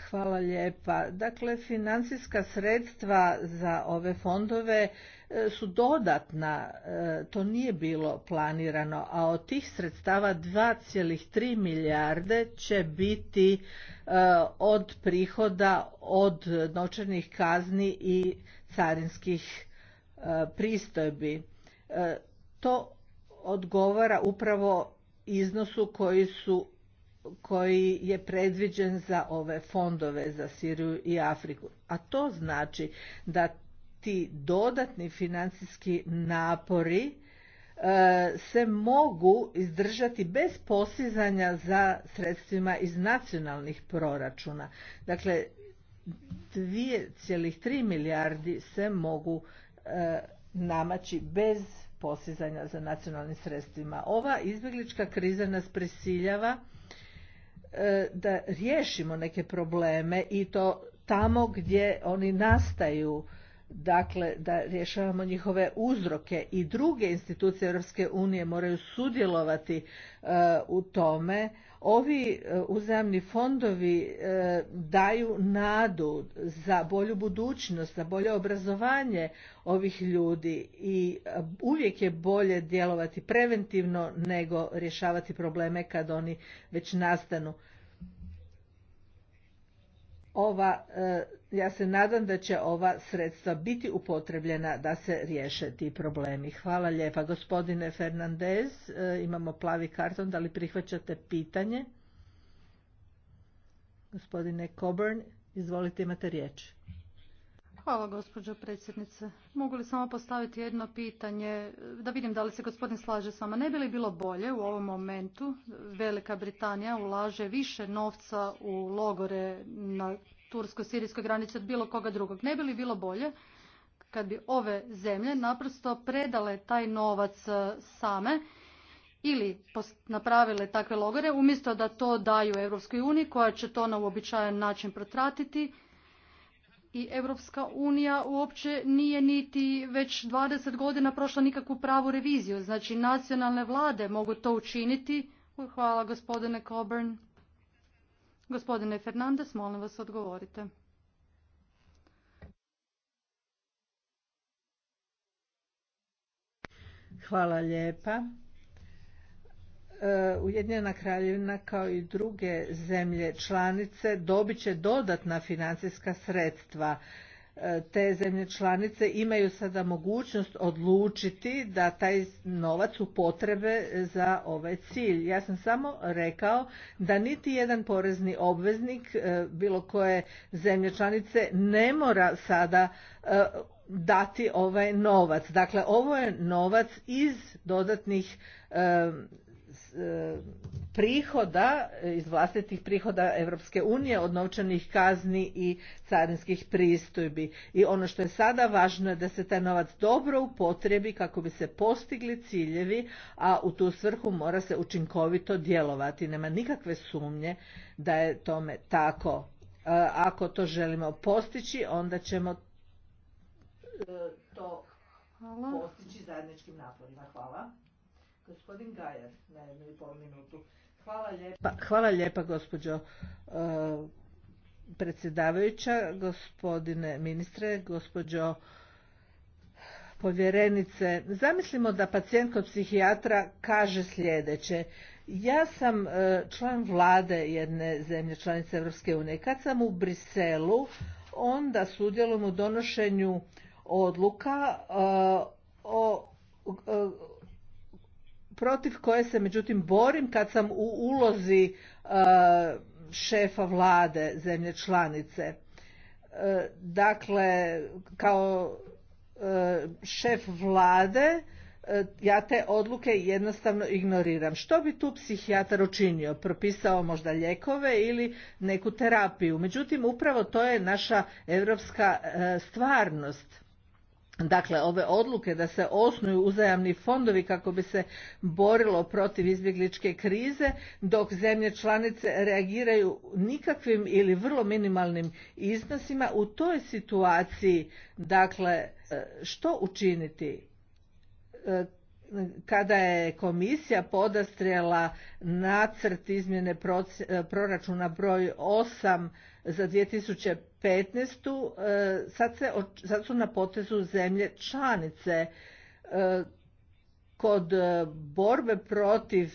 hvala lijepa. Dakle, financijska sredstva za ove fondove e, su dodatna, e, to nije bilo planirano, a od tih sredstava 2,3 milijarde će biti od prihoda od novčanih kazni i carinskih pristojbi. To odgovara upravo iznosu koji su koji je predviđen za ove fondove za Siriju i Afriku. A to znači da ti dodatni financijski napori e, se mogu izdržati bez posizanja za sredstvima iz nacionalnih proračuna. Dakle, 2,3 milijardi se mogu e, namaći bez posizanja za nacionalnim sredstvima. Ova izbjeglička kriza nas prisiljava E, da riješimo neke probleme i to tamo gdje oni nastaju dakle da rješavamo njihove uzroke i druge institucije Europske unije moraju sudjelovati e, u tome Ovi e, uzajamni fondovi e, daju nadu za bolju budućnost, za bolje obrazovanje ovih ljudi i e, uvijek je bolje djelovati preventivno nego rješavati probleme kad oni već nastanu ova, e, ja se nadam da će ova sredstva biti upotrebljena da se riješe ti problemi. Hvala lijepa. Gospodine Fernandez, e, imamo plavi karton, da li prihvaćate pitanje? Gospodine Coburn, izvolite imate riječ. Hvala gospođo predsjednice. Mogu li samo postaviti jedno pitanje, da vidim da li se gospodin slaže s vama. Ne bi li bilo bolje u ovom momentu Velika Britanija ulaže više novca u logore na tursko-sirijskoj granici od bilo koga drugog? Ne bi li bilo bolje kad bi ove zemlje naprosto predale taj novac e, same ili napravile takve logore umjesto da to daju Europskoj uniji koja će to na uobičajen način protratiti i Europska unija uopće nije niti već 20 godina prošla nikakvu pravu reviziju. Znači nacionalne vlade mogu to učiniti. Hvala gospodine Coburn. Gospodine Fernandez, molim vas odgovorite. Hvala lijepa. E, Ujedinjena kraljevina kao i druge zemlje članice dobit će dodatna financijska sredstva. E, te zemlje članice imaju sada mogućnost odlučiti da taj novac upotrebe za ovaj cilj. Ja sam samo rekao da niti jedan porezni obveznik e, bilo koje zemlje članice ne mora sada dati ovaj novac. Dakle, ovo je novac iz dodatnih Eh, prihoda, iz vlastitih prihoda Europske unije od novčanih kazni i carinskih pristojbi. I ono što je sada važno je da se taj novac dobro upotrebi kako bi se postigli ciljevi, a u tu svrhu mora se učinkovito djelovati. Nema nikakve sumnje da je tome tako. Eh, ako to želimo postići, onda ćemo eh, to postići zajedničkim naporima. Hvala. Gospodin na i pol minutu. Hvala lijepa, pa, Hvala lijepa gospođo eh, predsjedavajuća, gospodine ministre, gospođo povjerenice. Zamislimo da pacijent kod psihijatra kaže sljedeće. Ja sam eh, član vlade jedne zemlje članice Europske unije. Kad sam u Briselu, onda sudjelujem u donošenju odluka eh, o protiv koje se međutim borim kad sam u ulozi e, šefa vlade zemlje članice. E, dakle, kao e, šef vlade ja te odluke jednostavno ignoriram. Što bi tu psihijatar učinio? Propisao možda ljekove ili neku terapiju. Međutim, upravo to je naša europska stvarnost. Dakle, ove odluke da se osnuju uzajamni fondovi kako bi se borilo protiv izbjegličke krize, dok zemlje članice reagiraju nikakvim ili vrlo minimalnim iznosima, u toj situaciji, dakle, e, što učiniti? E, kada je komisija podastrijela nacrt izmjene e, proračuna broj 8 za 2015. E, sad, se, sad su na potezu zemlje članice e, kod e, borbe protiv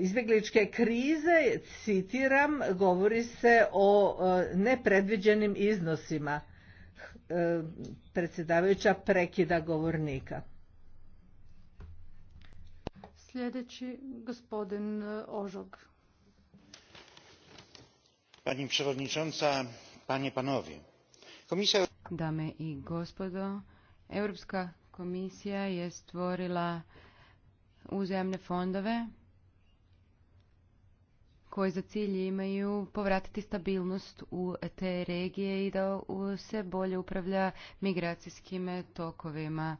izbjegličke krize, citiram, govori se o nepredviđenim iznosima. Predsjedavajuća prekida govornika. Sljedeći gospodin Ožog pani przewodnicząca panie panowie komisja dame i gospodo europska komisija je stvorila uzajamne fondove koji za cilj imaju povratiti stabilnost u te regije i da se bolje upravlja migracijskim tokovima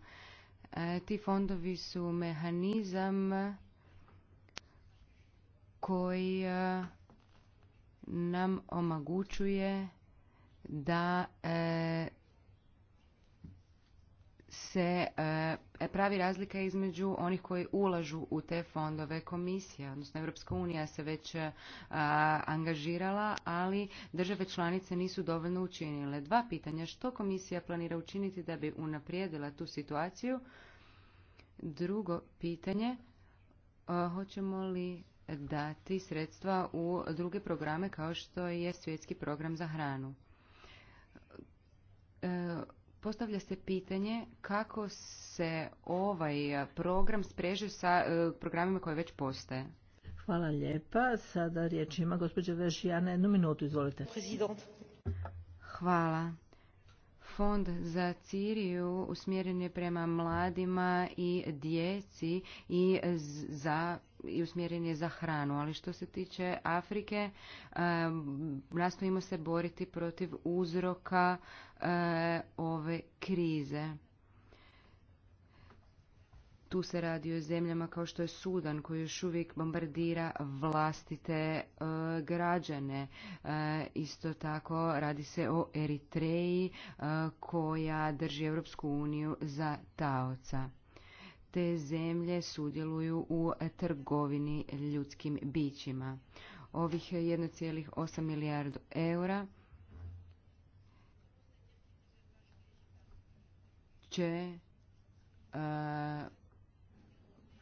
e, ti fondovi su mehanizam koji e, nam omogućuje da e, se e, pravi razlika između onih koji ulažu u te fondove komisije. odnosno Europska unija se već e, angažirala, ali države članice nisu dovoljno učinile. Dva pitanja, što komisija planira učiniti da bi unaprijedila tu situaciju? Drugo pitanje, hoćemo li dati sredstva u druge programe kao što je svjetski program za hranu. E, postavlja se pitanje kako se ovaj program spreže sa e, programima koje već postoje. Hvala lijepa. Sada riječ ima gospođa Vešijana. Jednu minutu, izvolite. Hvala. Fond za Ciriju usmjeren je prema mladima i djeci i za i usmjeren je za hranu, ali što se tiče Afrike, nastojimo se boriti protiv uzroka eh, ove krize. Tu se radi o zemljama kao što je Sudan koji još uvijek bombardira vlastite eh, građane. Eh, isto tako radi se o Eritreji koja drži Europsku uniju za taoca te zemlje sudjeluju u trgovini ljudskim bićima. Ovih 1,8 milijardu eura će e,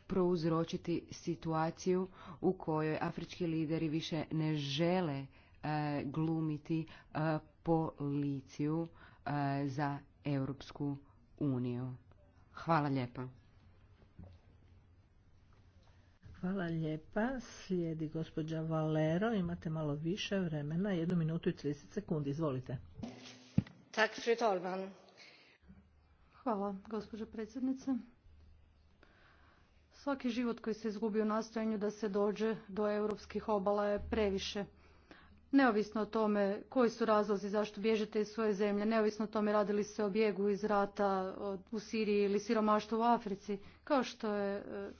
prouzročiti situaciju u kojoj afrički lideri više ne žele e, glumiti e, policiju za Europsku uniju. Hvala lijepa. Hvala lijepa. Slijedi gospođa Valero. Imate malo više vremena. Jednu minutu i 30 sekundi. Izvolite. fru Hvala, gospođo predsjednice. Svaki život koji se izgubi u nastojanju da se dođe do europskih obala je previše. Neovisno o tome koji su razlozi zašto bježete iz svoje zemlje, neovisno o tome radili se o bjegu iz rata u Siriji ili siromaštvu u Africi, kao što je e,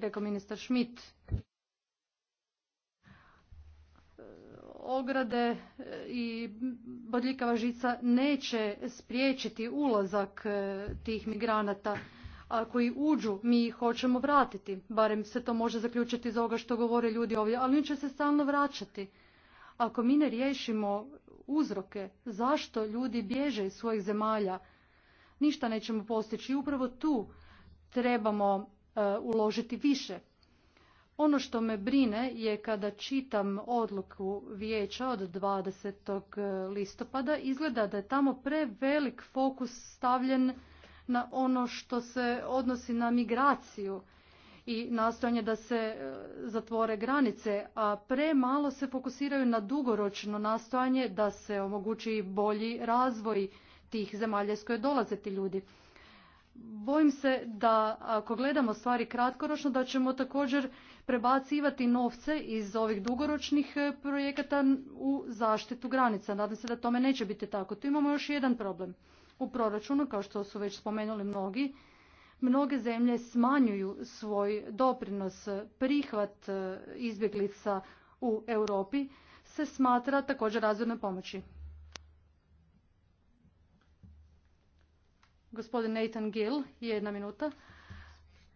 rekao ministar Schmidt. Ograde i bodljikava žica neće spriječiti ulazak e, tih migranata. Ako i uđu, mi ih hoćemo vratiti. Barem se to može zaključiti iz ovoga što govore ljudi ovdje, ali oni će se stalno vraćati. Ako mi ne riješimo uzroke zašto ljudi bježe iz svojih zemalja, ništa nećemo postići. I upravo tu trebamo E, uložiti više. Ono što me brine je kada čitam odluku vijeća od 20. listopada, izgleda da je tamo prevelik fokus stavljen na ono što se odnosi na migraciju i nastojanje da se e, zatvore granice, a premalo se fokusiraju na dugoročno nastojanje da se omogući bolji razvoj tih zemalja s koje dolaze ti ljudi. Bojim se da ako gledamo stvari kratkoročno da ćemo također prebacivati novce iz ovih dugoročnih e, projekata u zaštitu granica. Nadam se da tome neće biti tako. Tu imamo još jedan problem. U proračunu, kao što su već spomenuli mnogi, mnoge zemlje smanjuju svoj doprinos prihvat e, izbjeglica u Europi se smatra također razvojnoj pomoći. Gospodin Nathan Gill, jedna minuta.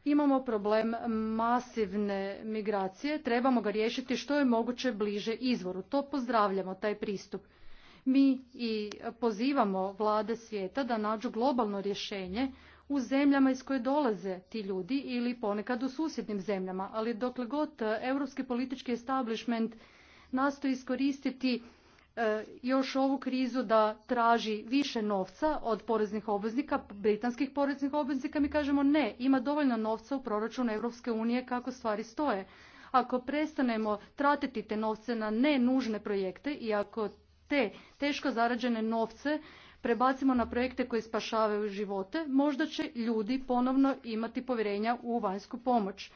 Imamo problem masivne migracije, trebamo ga riješiti što je moguće bliže izvoru. To pozdravljamo, taj pristup. Mi i pozivamo vlade svijeta da nađu globalno rješenje u zemljama iz koje dolaze ti ljudi ili ponekad u susjednim zemljama. Ali dokle god europski politički establishment nastoji iskoristiti E, još ovu krizu da traži više novca od poreznih obveznika, britanskih poreznih obveznika, mi kažemo ne, ima dovoljno novca u proračunu Europske unije kako stvari stoje. Ako prestanemo tratiti te novce na nenužne projekte i ako te teško zarađene novce prebacimo na projekte koji spašavaju živote, možda će ljudi ponovno imati povjerenja u vanjsku pomoć.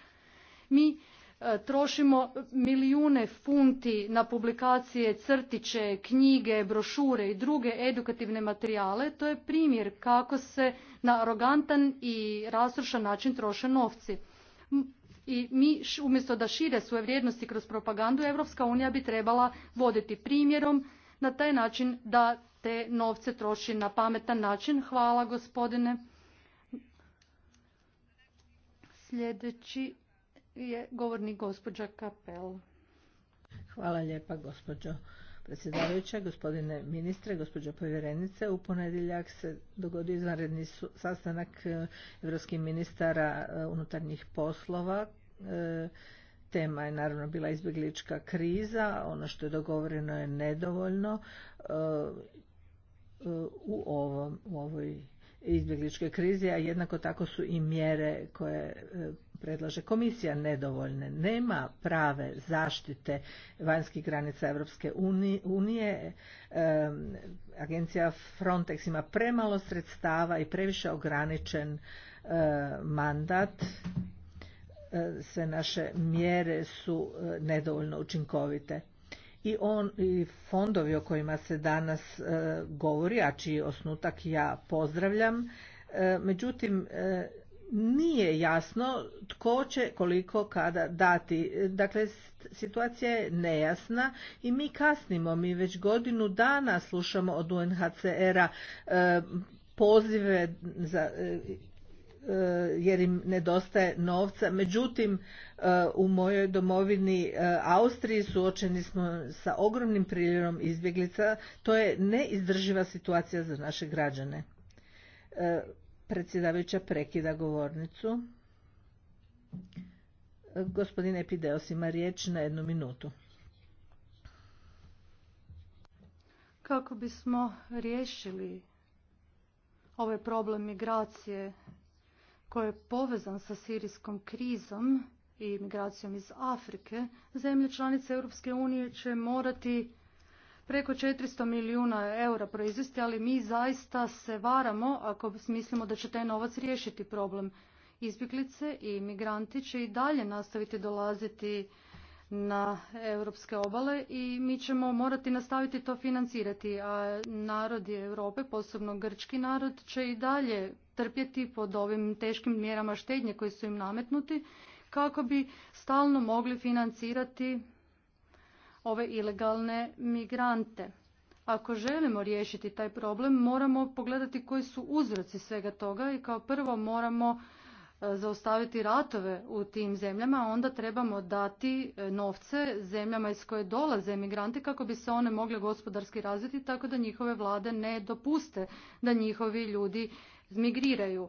Mi E, trošimo milijune funti na publikacije, crtiće, knjige, brošure i druge edukativne materijale. To je primjer kako se na arogantan i rasrušan način troše novci. I mi, umjesto da šire svoje vrijednosti kroz propagandu, Europska unija bi trebala voditi primjerom na taj način da te novce troši na pametan način. Hvala gospodine. Sljedeći je govornik gospođa Kapel. Hvala lijepa gospođo predsjedavajuća, gospodine ministre, gospođo povjerenice. U ponedjeljak se dogodio izvanredni sastanak e, evropskih ministara e, unutarnjih poslova. E, tema je naravno bila izbjeglička kriza, ono što je dogovoreno je nedovoljno u, ovom, u ovoj izbjegličkoj krizi, a jednako tako su i mjere koje predlaže komisija nedovoljne. Nema prave zaštite vanjskih granica Europske unije. Agencija Frontex ima premalo sredstava i previše ograničen e, mandat. E, sve naše mjere su e, nedovoljno učinkovite. I, on, i fondovi o kojima se danas govori, a čiji osnutak ja pozdravljam, međutim nije jasno tko će koliko kada dati. Dakle, situacija je nejasna i mi kasnimo. Mi već godinu dana slušamo od UNHCR-a e, pozive za e, e, jer im nedostaje novca. Međutim, u mojoj domovini Austriji suočeni smo sa ogromnim priljerom izbjeglica. To je neizdrživa situacija za naše građane. Predsjedavajuća prekida govornicu. Gospodine Epideos ima riječ na jednu minutu. Kako bismo riješili ovaj problem migracije koji je povezan sa sirijskom krizom i migracijom iz Afrike, zemlje članice Europske unije će morati preko 400 milijuna eura proizvesti, ali mi zaista se varamo ako mislimo da će taj novac riješiti problem. Izbjeglice i migranti će i dalje nastaviti dolaziti na europske obale i mi ćemo morati nastaviti to financirati, a narodi Europe, posebno grčki narod, će i dalje trpjeti pod ovim teškim mjerama štednje koji su im nametnuti kako bi stalno mogli financirati ove ilegalne migrante. Ako želimo riješiti taj problem, moramo pogledati koji su uzroci svega toga i kao prvo moramo e, zaustaviti ratove u tim zemljama, onda trebamo dati e, novce zemljama iz koje dolaze emigranti kako bi se one mogle gospodarski razviti tako da njihove vlade ne dopuste da njihovi ljudi zmigriraju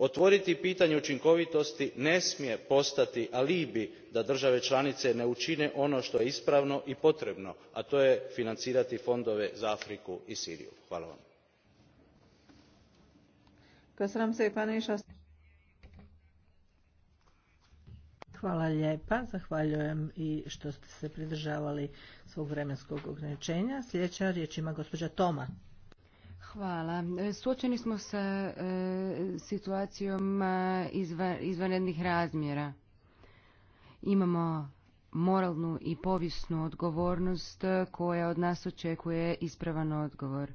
otvoriti pitanje učinkovitosti ne smije postati alibi da države članice ne učine ono što je ispravno i potrebno a to je financirati fondove za afriku i siriju. hvala vam. Hvala lijepa. Zahvaljujem i što ste se pridržavali svog vremenskog ograničenja. Sljedeća riječ ima gospođa Toma. Hvala. Suočeni smo sa e, situacijom e, izvanrednih razmjera. Imamo moralnu i povijesnu odgovornost e, koja od nas očekuje ispravan odgovor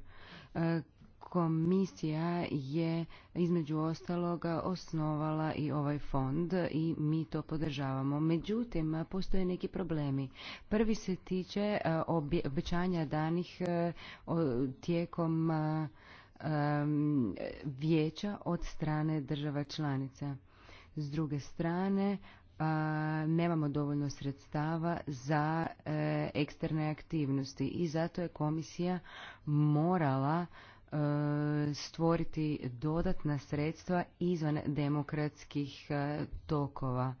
komisija je između ostaloga osnovala i ovaj fond i mi to podržavamo. Međutim, postoje neki problemi. Prvi se tiče e, obećanja danih e, tijekom e, vijeća od strane država članica. S druge strane, nemamo dovoljno sredstava za eksterne aktivnosti i zato je komisija morala E, stvoriti dodatna sredstva izvan demokratskih e, tokova.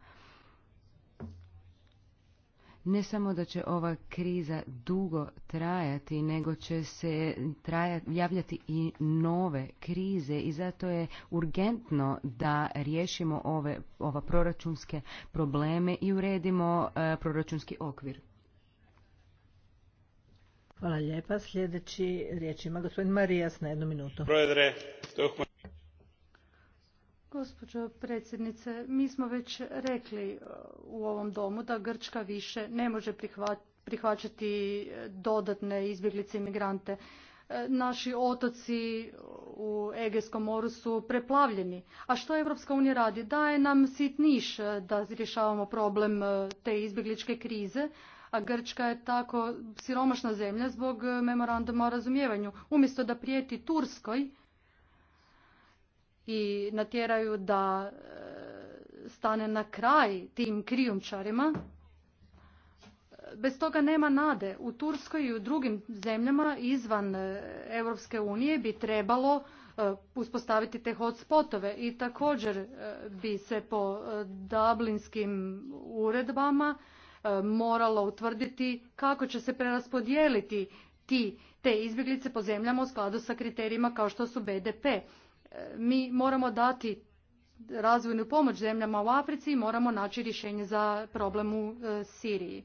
Ne samo da će ova kriza dugo trajati, nego će se trajati, javljati i nove krize i zato je urgentno da riješimo ove, ova proračunske probleme i uredimo e, proračunski okvir. Hvala lijepa. Sljedeći riječ ima gospodin Marijas na jednu minutu. Gospođo predsjednice, mi smo već rekli e, u ovom domu da Grčka više ne može prihvaćati dodatne izbjeglice imigrante. E, naši otoci u Egejskom moru su preplavljeni. A što Evropska unija radi? Daje nam sitniš e, da rješavamo problem te izbjegličke krize, a Grčka je tako siromašna zemlja zbog e, memoranduma o razumijevanju. Umjesto da prijeti Turskoj i natjeraju da e, stane na kraj tim krijumčarima, e, bez toga nema nade. U Turskoj i u drugim zemljama izvan Europske unije bi trebalo uspostaviti te hotspotove i također bi se po dublinskim uredbama E, moralo utvrditi kako će se preraspodijeliti ti, te izbjeglice po zemljama u skladu sa kriterijima kao što su BDP. E, mi moramo dati razvojnu pomoć zemljama u Africi i moramo naći rješenje za problem u e, Siriji.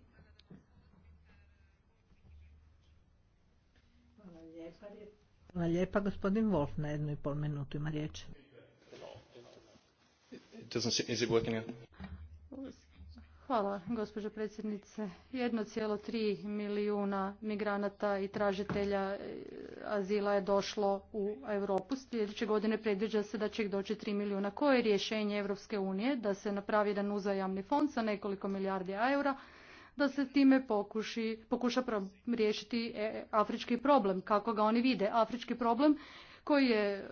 lijepa. Gospodin Wolf na jednu i pol minutu ima riječ. Hvala, gospođo predsjednice. tri milijuna migranata i tražitelja e, azila je došlo u Europu. Sljedeće godine predviđa se da će ih doći tri milijuna. Koje je rješenje Europske unije da se napravi jedan uzajamni fond sa nekoliko milijardi eura da se time pokuša riješiti e, afrički problem, kako ga oni vide. Afrički problem koji je e,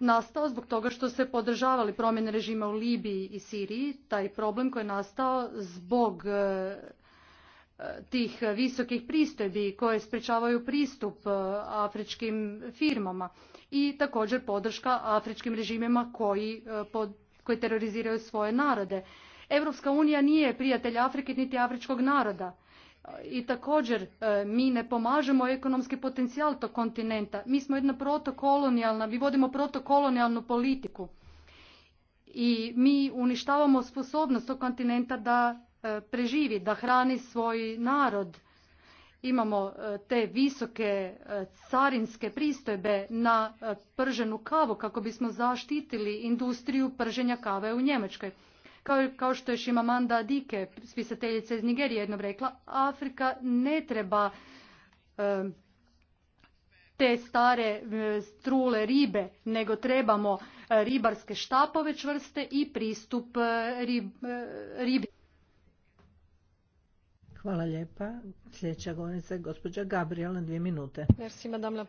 nastao zbog toga što se podržavali promjene režima u Libiji i Siriji, taj problem koji je nastao zbog e, tih visokih pristojbi koje sprečavaju pristup e, afričkim firmama i također podrška afričkim režimima koji, e, teroriziraju svoje narode. Europska unija nije prijatelj Afrike niti afričkog naroda i također e, mi ne pomažemo ekonomski potencijal tog kontinenta. Mi smo jedna protokolonijalna, mi vodimo protokolonijalnu politiku i mi uništavamo sposobnost tog kontinenta da e, preživi, da hrani svoj narod. Imamo e, te visoke carinske pristojbe na prženu kavu kako bismo zaštitili industriju prženja kave u Njemačkoj. Kao, kao što je Shimamanda Dike, spisateljica iz Nigerije, jednom rekla, Afrika ne treba te stare strule ribe, nego trebamo e, ribarske štapove čvrste i pristup e, e, ribi. Hvala lijepa. Sljedeća govornica je gospođa Gabriel na dvije minute. Merci, madame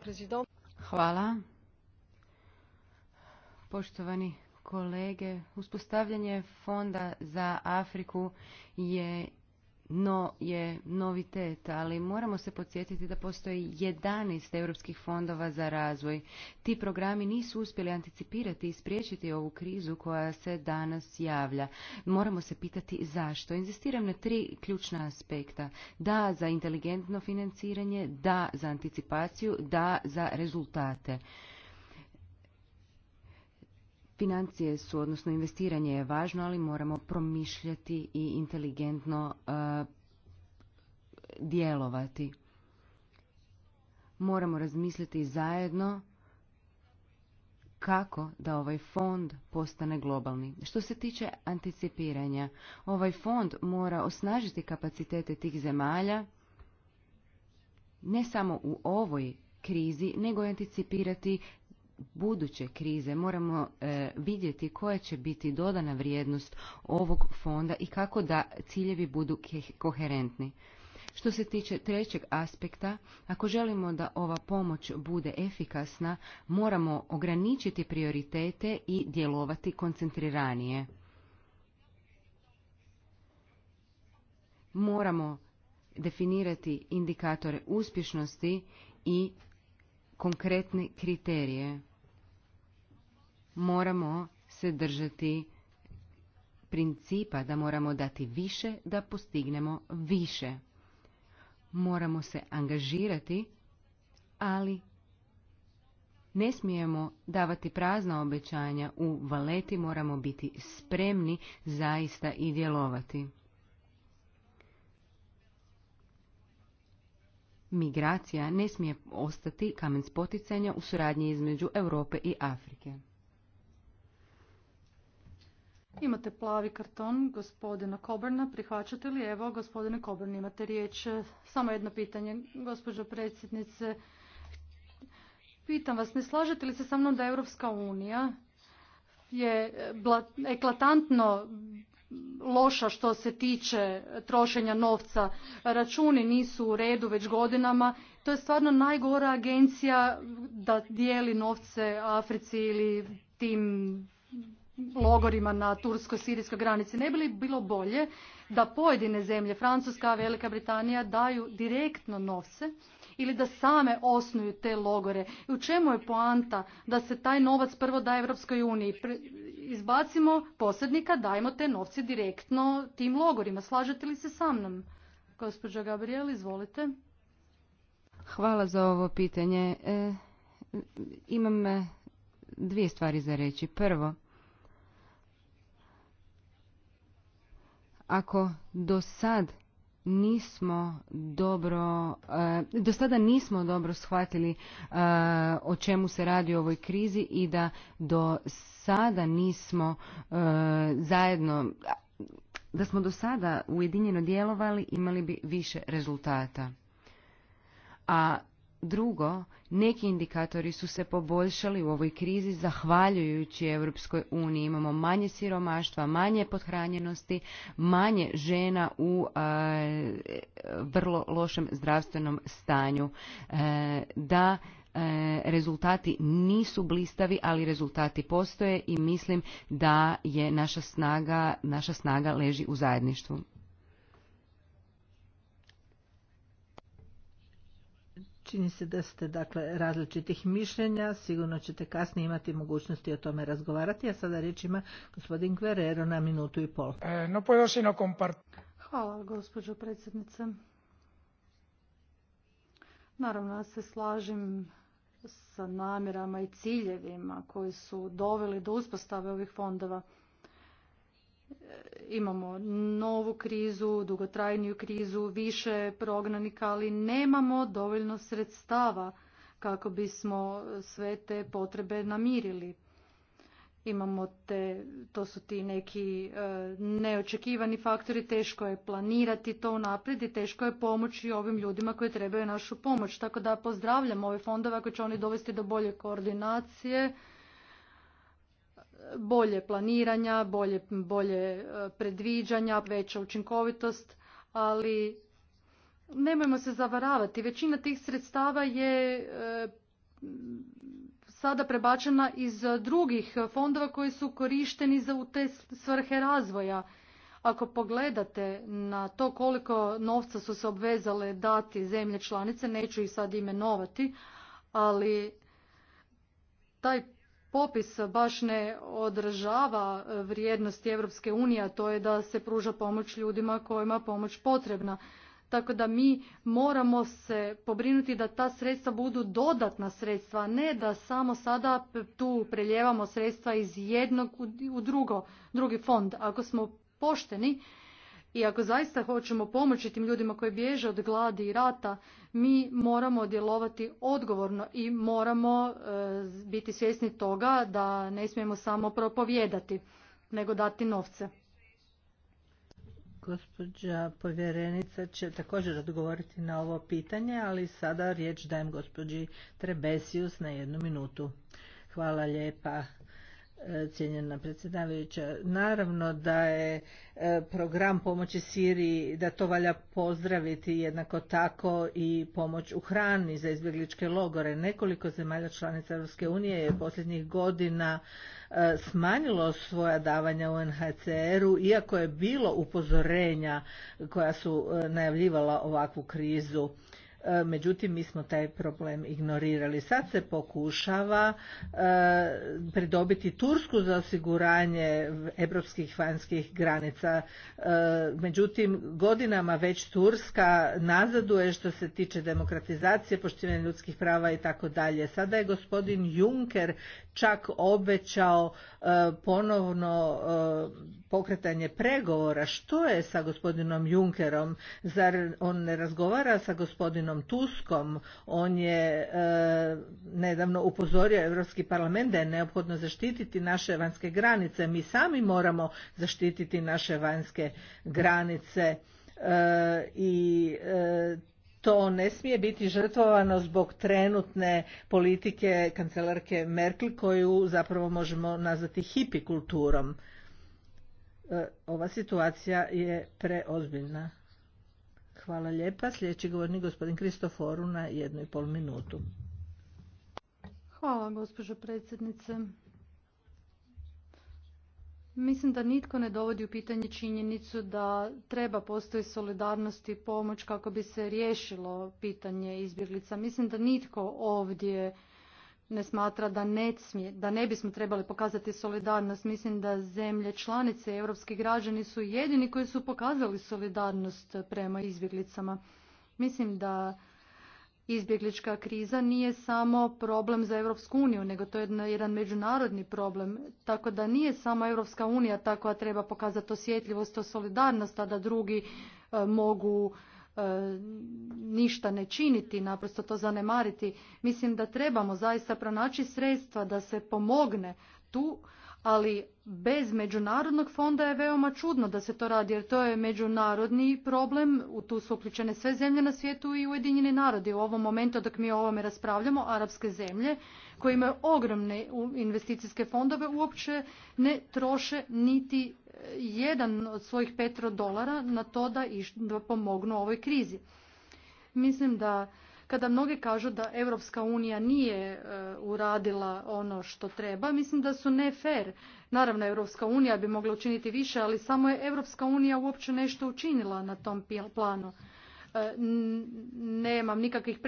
Hvala. Poštovani kolege, uspostavljanje fonda za Afriku je no je novitet, ali moramo se podsjetiti da postoji 11 europskih fondova za razvoj. Ti programi nisu uspjeli anticipirati i spriječiti ovu krizu koja se danas javlja. Moramo se pitati zašto. Inzistiram na tri ključna aspekta. Da za inteligentno financiranje, da za anticipaciju, da za rezultate. Financije su, odnosno investiranje je važno, ali moramo promišljati i inteligentno e, djelovati. Moramo razmisliti zajedno kako da ovaj fond postane globalni. Što se tiče anticipiranja, ovaj fond mora osnažiti kapacitete tih zemalja ne samo u ovoj krizi, nego anticipirati buduće krize moramo e, vidjeti koja će biti dodana vrijednost ovog fonda i kako da ciljevi budu koherentni. Što se tiče trećeg aspekta, ako želimo da ova pomoć bude efikasna, moramo ograničiti prioritete i djelovati koncentriranije. Moramo definirati indikatore uspješnosti i konkretne kriterije moramo se držati principa da moramo dati više da postignemo više. Moramo se angažirati, ali ne smijemo davati prazna obećanja u valeti, moramo biti spremni zaista i djelovati. Migracija ne smije ostati kamen spoticanja u suradnji između Europe i Afrike. Imate plavi karton gospodina Koberna. Prihvaćate li? Evo, gospodine Coburn, imate riječ. Samo jedno pitanje, gospođo predsjednice. Pitam vas, ne slažete li se sa mnom da Europska unija je eklatantno loša što se tiče trošenja novca. Računi nisu u redu već godinama. To je stvarno najgora agencija da dijeli novce Africi ili tim logorima na tursko-sirijskoj granici. Ne bi li bilo bolje da pojedine zemlje, Francuska, Velika Britanija, daju direktno novce ili da same osnuju te logore? I u čemu je poanta da se taj novac prvo daje Evropskoj uniji? Izbacimo posrednika, dajmo te novce direktno tim logorima. Slažete li se sa mnom? Gospođa Gabriel, izvolite. Hvala za ovo pitanje. E, imam e, dvije stvari za reći. Prvo, Ako do sad nismo dobro, e, do sada nismo dobro shvatili e, o čemu se radi u ovoj krizi i da do sada nismo e, zajedno, da smo do sada ujedinjeno djelovali imali bi više rezultata. A Drugo, neki indikatori su se poboljšali u ovoj krizi zahvaljujući Europskoj uniji. Imamo manje siromaštva, manje pothranjenosti, manje žena u e, vrlo lošem zdravstvenom stanju. E, da e, rezultati nisu blistavi, ali rezultati postoje i mislim da je naša snaga, naša snaga leži u zajedništvu. Čini se da ste dakle različitih mišljenja, sigurno ćete kasnije imati mogućnosti o tome razgovarati, a sada riječ ima gospodin Guerrero na minutu i pol. E, Hvala gospođo predsjednice. Naravno ja se slažem sa namjerama i ciljevima koji su doveli do uspostave ovih fondova imamo novu krizu, dugotrajniju krizu, više prognanika, ali nemamo dovoljno sredstava kako bismo sve te potrebe namirili. Imamo te, to su ti neki e, neočekivani faktori, teško je planirati to unaprijed i teško je pomoći ovim ljudima koji trebaju našu pomoć. Tako da pozdravljam ove fondove ako će oni dovesti do bolje koordinacije bolje planiranja, bolje, bolje e, predviđanja, veća učinkovitost, ali nemojmo se zavaravati. Većina tih sredstava je e, sada prebačena iz drugih fondova koji su korišteni za u te svrhe razvoja. Ako pogledate na to koliko novca su se obvezale dati zemlje članice, neću ih sad imenovati, ali taj popis baš ne održava e, vrijednosti Europske unije, a to je da se pruža pomoć ljudima kojima je pomoć potrebna. Tako da mi moramo se pobrinuti da ta sredstva budu dodatna sredstva, a ne da samo sada tu prelijevamo sredstva iz jednog u drugi fond. Ako smo pošteni, i ako zaista hoćemo pomoći tim ljudima koji bježe od gladi i rata, mi moramo djelovati odgovorno i moramo e, biti svjesni toga da ne smijemo samo propovijedati, nego dati novce. Gospođa povjerenica će također odgovoriti na ovo pitanje, ali sada riječ dajem gospođi Trebesius na jednu minutu. Hvala lijepa cijenjena predsjedavajuća. Naravno da je e, program pomoći Siriji, da to valja pozdraviti jednako tako i pomoć u hrani za izbjegličke logore. Nekoliko zemalja članica Europske unije je posljednjih godina e, smanjilo svoja davanja u NHCR-u, iako je bilo upozorenja koja su e, najavljivala ovakvu krizu E, međutim mi smo taj problem ignorirali. Sad se pokušava e, pridobiti Tursku za osiguranje europskih vanjskih granica. E, međutim, godinama već Turska nazaduje što se tiče demokratizacije, poštivanja ljudskih prava i tako dalje. Sada je gospodin Juncker čak obećao ponovno pokretanje pregovora. Što je sa gospodinom Junckerom? Zar on ne razgovara sa gospodinom gospodinom Tuskom. On je e, nedavno upozorio Europski parlament da je neophodno zaštititi naše vanjske granice. Mi sami moramo zaštititi naše vanjske granice e, i e, to ne smije biti žrtvovano zbog trenutne politike kancelarke Merkel koju zapravo možemo nazvati hipikulturom. Ova situacija je preozbiljna. Hvala lijepa. Sljedeći govornik gospodin Kristoforu na jednu i pol minutu. Hvala gospođo predsjednice. Mislim da nitko ne dovodi u pitanje činjenicu da treba postoji solidarnost i pomoć kako bi se riješilo pitanje izbjeglica. Mislim da nitko ovdje ne smatra da ne, smije, da ne bismo trebali pokazati solidarnost. Mislim da zemlje članice i europski građani su jedini koji su pokazali solidarnost prema izbjeglicama. Mislim da izbjeglička kriza nije samo problem za Europsku uniju, nego to je jedan međunarodni problem. Tako da nije samo Europska unija ta koja treba pokazati osjetljivost, o solidarnost, a da drugi e, mogu E, ništa ne činiti, naprosto to zanemariti. Mislim da trebamo zaista pronaći sredstva da se pomogne tu, ali bez međunarodnog fonda je veoma čudno da se to radi, jer to je međunarodni problem, u tu su uključene sve zemlje na svijetu i Ujedinjeni narodi. U ovom momentu dok mi o ovome raspravljamo, arapske zemlje koji imaju ogromne investicijske fondove uopće ne troše niti e, jedan od svojih dolara na to da pomognu ovoj krizi. Mislim da kada mnogi kažu da Europska unija nije e, uradila ono što treba, mislim da su ne fair. Naravno, Europska unija bi mogla učiniti više, ali samo je Europska unija uopće nešto učinila na tom planu. E, nemam nikakvih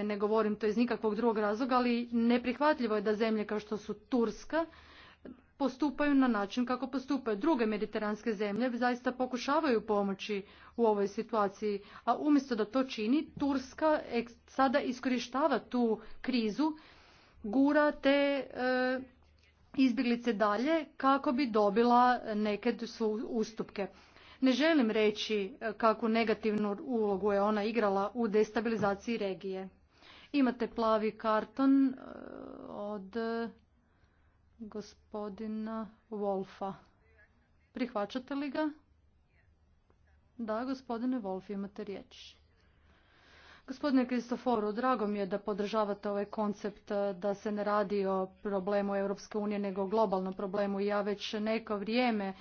i ne govorim to iz nikakvog drugog razloga, ali neprihvatljivo je da zemlje kao što su Turska postupaju na način kako postupaju. Druge mediteranske zemlje zaista pokušavaju pomoći u ovoj situaciji, a umjesto da to čini, Turska sada iskorištava tu krizu, gura te e, izbjeglice dalje kako bi dobila neke ustupke. Ne želim reći e, kakvu negativnu ulogu je ona igrala u destabilizaciji regije. Imate plavi karton e, od e, gospodina Wolfa. Prihvaćate li ga? Da, gospodine Wolf, imate riječ. Gospodine Kristoforu, drago mi je da podržavate ovaj koncept eh, da se ne radi o problemu Europske unije nego o globalnom problemu. Ja već neko vrijeme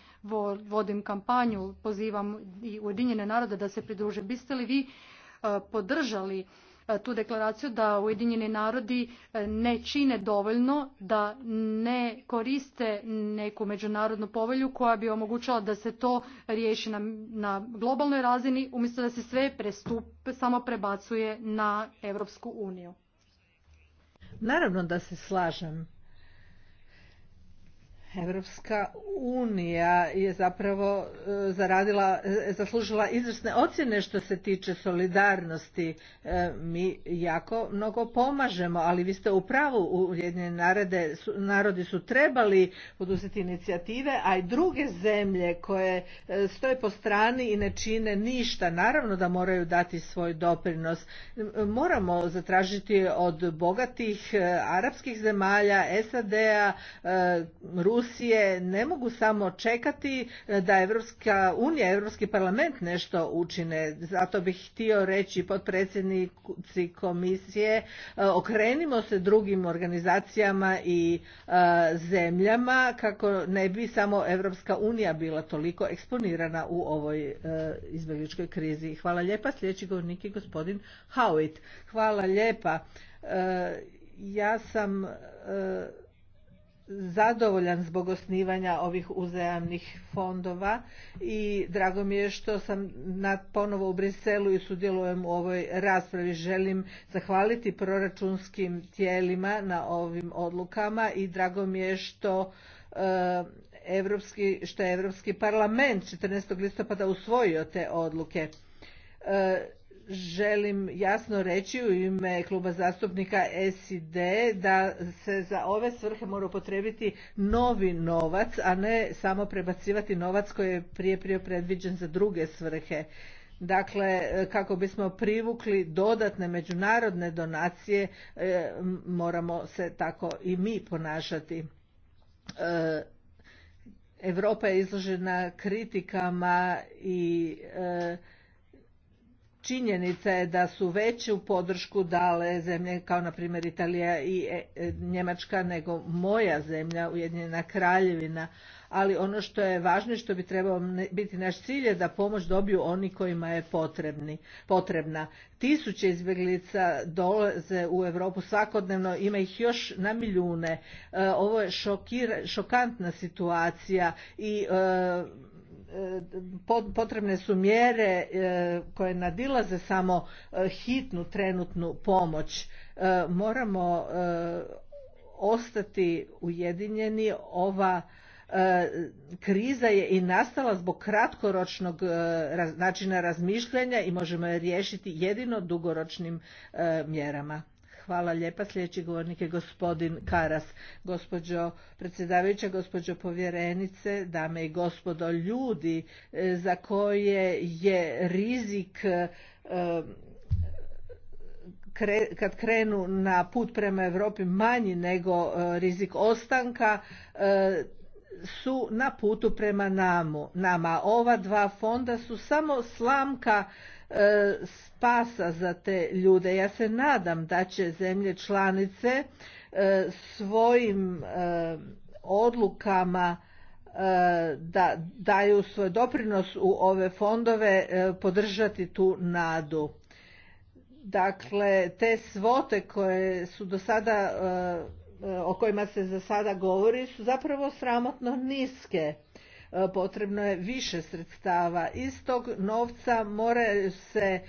vodim kampanju, pozivam i Ujedinjene narode da se pridruže. Biste li vi eh, podržali E, tu deklaraciju da Ujedinjeni narodi e, ne čine dovoljno, da ne koriste neku međunarodnu povelju koja bi omogućala da se to riješi na, na globalnoj razini, umjesto da se sve prestup samo prebacuje na Europsku uniju. Naravno da se slažem Evropska unija je zapravo e, zaradila, e, zaslužila izvrsne ocjene što se tiče solidarnosti. E, mi jako mnogo pomažemo, ali vi ste u pravu, narode, narodi su trebali poduzeti inicijative, a i druge zemlje koje stoje po strani i ne čine ništa. Naravno da moraju dati svoj doprinos. Moramo zatražiti od bogatih arapskih zemalja, SAD-a, ne mogu samo čekati e, da Evropska unija, Europski parlament nešto učine. Zato bih htio reći potpredsjednici komisije, e, okrenimo se drugim organizacijama i e, zemljama kako ne bi samo Europska unija bila toliko eksponirana u ovoj izbjegličkoj krizi. Hvala lijepa. Sljedeći govornik je gospodin Howitt. Hvala lijepa. Ja sam zadovoljan zbog osnivanja ovih uzajamnih fondova i drago mi je što sam ponovo u Briselu i sudjelujem u ovoj raspravi. Želim zahvaliti proračunskim tijelima na ovim odlukama i drago mi je što eh, što je Europski parlament 14. listopada usvojio te odluke. Eh, želim jasno reći u ime kluba zastupnika SID da se za ove svrhe mora upotrebiti novi novac, a ne samo prebacivati novac koji je prije prije predviđen za druge svrhe. Dakle, kako bismo privukli dodatne međunarodne donacije, e, moramo se tako i mi ponašati. Europa je izložena kritikama i e, činjenica je da su veću podršku dale zemlje kao na primjer Italija i e, e, Njemačka nego moja zemlja Ujedinjena Kraljevina ali ono što je važno i što bi trebao biti naš cilj je da pomoć dobiju oni kojima je potrebni, potrebna. Tisuće izbjeglica dolaze u Europu svakodnevno, ima ih još na milijune. E, ovo je šokantna situacija i potrebne su mjere e, koje nadilaze samo e, hitnu trenutnu pomoć. E, moramo ostati ujedinjeni. Ova kriza je i nastala zbog kratkoročnog načina razmišljanja i možemo je riješiti jedino dugoročnim mjerama. Hvala lijepa. Sljedeći govornik je gospodin Karas. Gospođo predsjedavajuća, gospođo povjerenice, dame i gospodo, ljudi e, za koje je rizik e, kad krenu na put prema Europi manji nego e, rizik ostanka, su na putu prema nama. Ova dva fonda su samo slamka E, spasa za te ljude. Ja se nadam da će zemlje članice e, svojim e, odlukama da daju svoj doprinos u ove fondove podržati tu nadu. Dakle, te svote koje su do sada, o kojima se za sada govori, su zapravo sramotno niske E, potrebno je više sredstava. Iz tog novca moraju se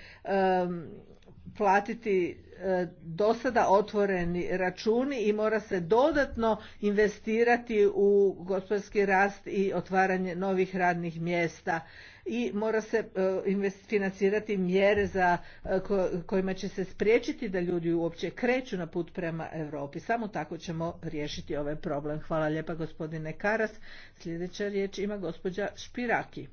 platiti E, do sada otvoreni računi i mora se dodatno investirati u gospodarski rast i otvaranje novih radnih mjesta i mora se e, financirati mjere za e, kojima će se spriječiti da ljudi uopće kreću na put prema Europi. Samo tako ćemo riješiti ovaj problem. Hvala lijepa gospodine Karas. Sljedeća riječ ima gospođa Špiraki.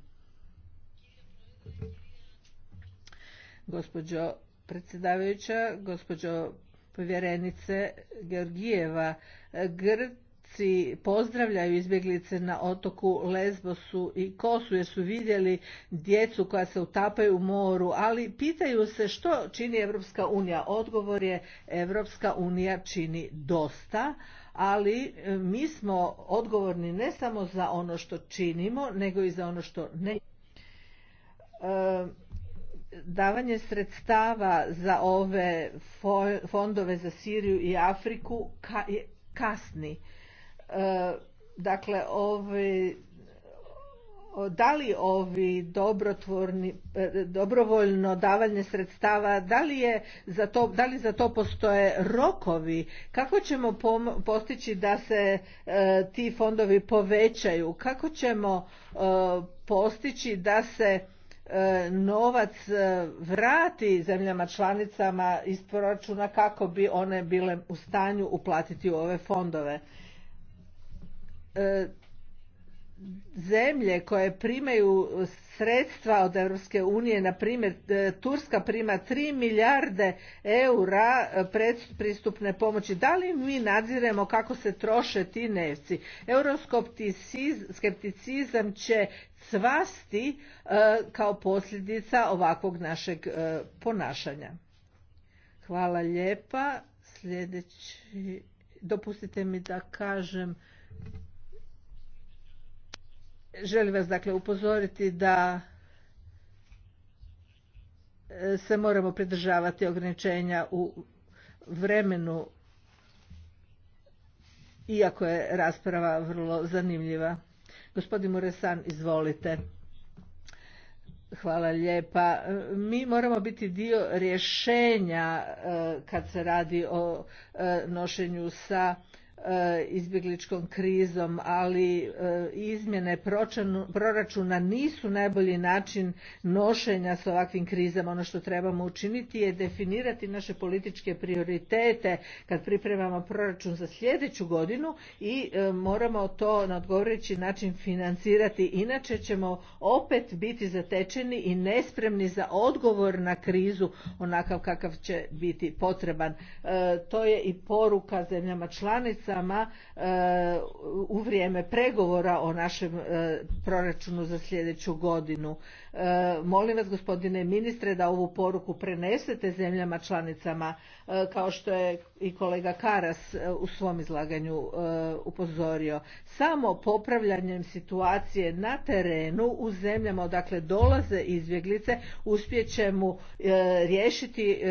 Gospođo predsjedavajuća, gospođo povjerenice Georgijeva. Grci pozdravljaju izbjeglice na otoku Lesbosu i Kosu jer su vidjeli djecu koja se utapaju u moru, ali pitaju se što čini Evropska unija. Odgovor je Evropska unija čini dosta, ali e, mi smo odgovorni ne samo za ono što činimo, nego i za ono što ne. E, davanje sredstava za ove fondove za Siriju i Afriku kasni. E, dakle, ovi, da li ovi dobrotvorni, e, dobrovoljno davanje sredstava, da li, je za to, da li za to postoje rokovi, kako ćemo postići da se e, ti fondovi povećaju, kako ćemo postići da se E, novac e, vrati zemljama članicama iz proračuna kako bi one bile u stanju uplatiti u ove fondove. E, zemlje koje primaju sredstva od Europske unije, na primjer e, Turska prima 3 milijarde eura e, pristupne pomoći. Da li mi nadziremo kako se troše ti nevci? skepticizam će cvasti e, kao posljedica ovakvog našeg ponašanja. Hvala lijepa. Sljedeći, dopustite mi da kažem Želim vas dakle upozoriti da e, se moramo pridržavati ograničenja u vremenu iako je rasprava vrlo zanimljiva. Gospodin Muresan, izvolite. Hvala lijepa. Mi moramo biti dio rješenja e, kad se radi o e, nošenju sa E, izbjegličkom krizom, ali e, izmjene proračuna nisu najbolji način nošenja s ovakvim krizama. Ono što trebamo učiniti je definirati naše političke prioritete kad pripremamo proračun za sljedeću godinu i e, moramo to na odgovarajući način financirati. Inače ćemo opet biti zatečeni i nespremni za odgovor na krizu onakav kakav će biti potreban. To je i poruka zemljama članica članicama e, u vrijeme pregovora o našem e, proračunu za sljedeću godinu. E, molim vas gospodine ministre da ovu poruku prenesete zemljama članicama kao što je i kolega Karas u svom izlaganju upozorio. Samo popravljanjem situacije na terenu u zemljama odakle dolaze izbjeglice uspjećemo riješiti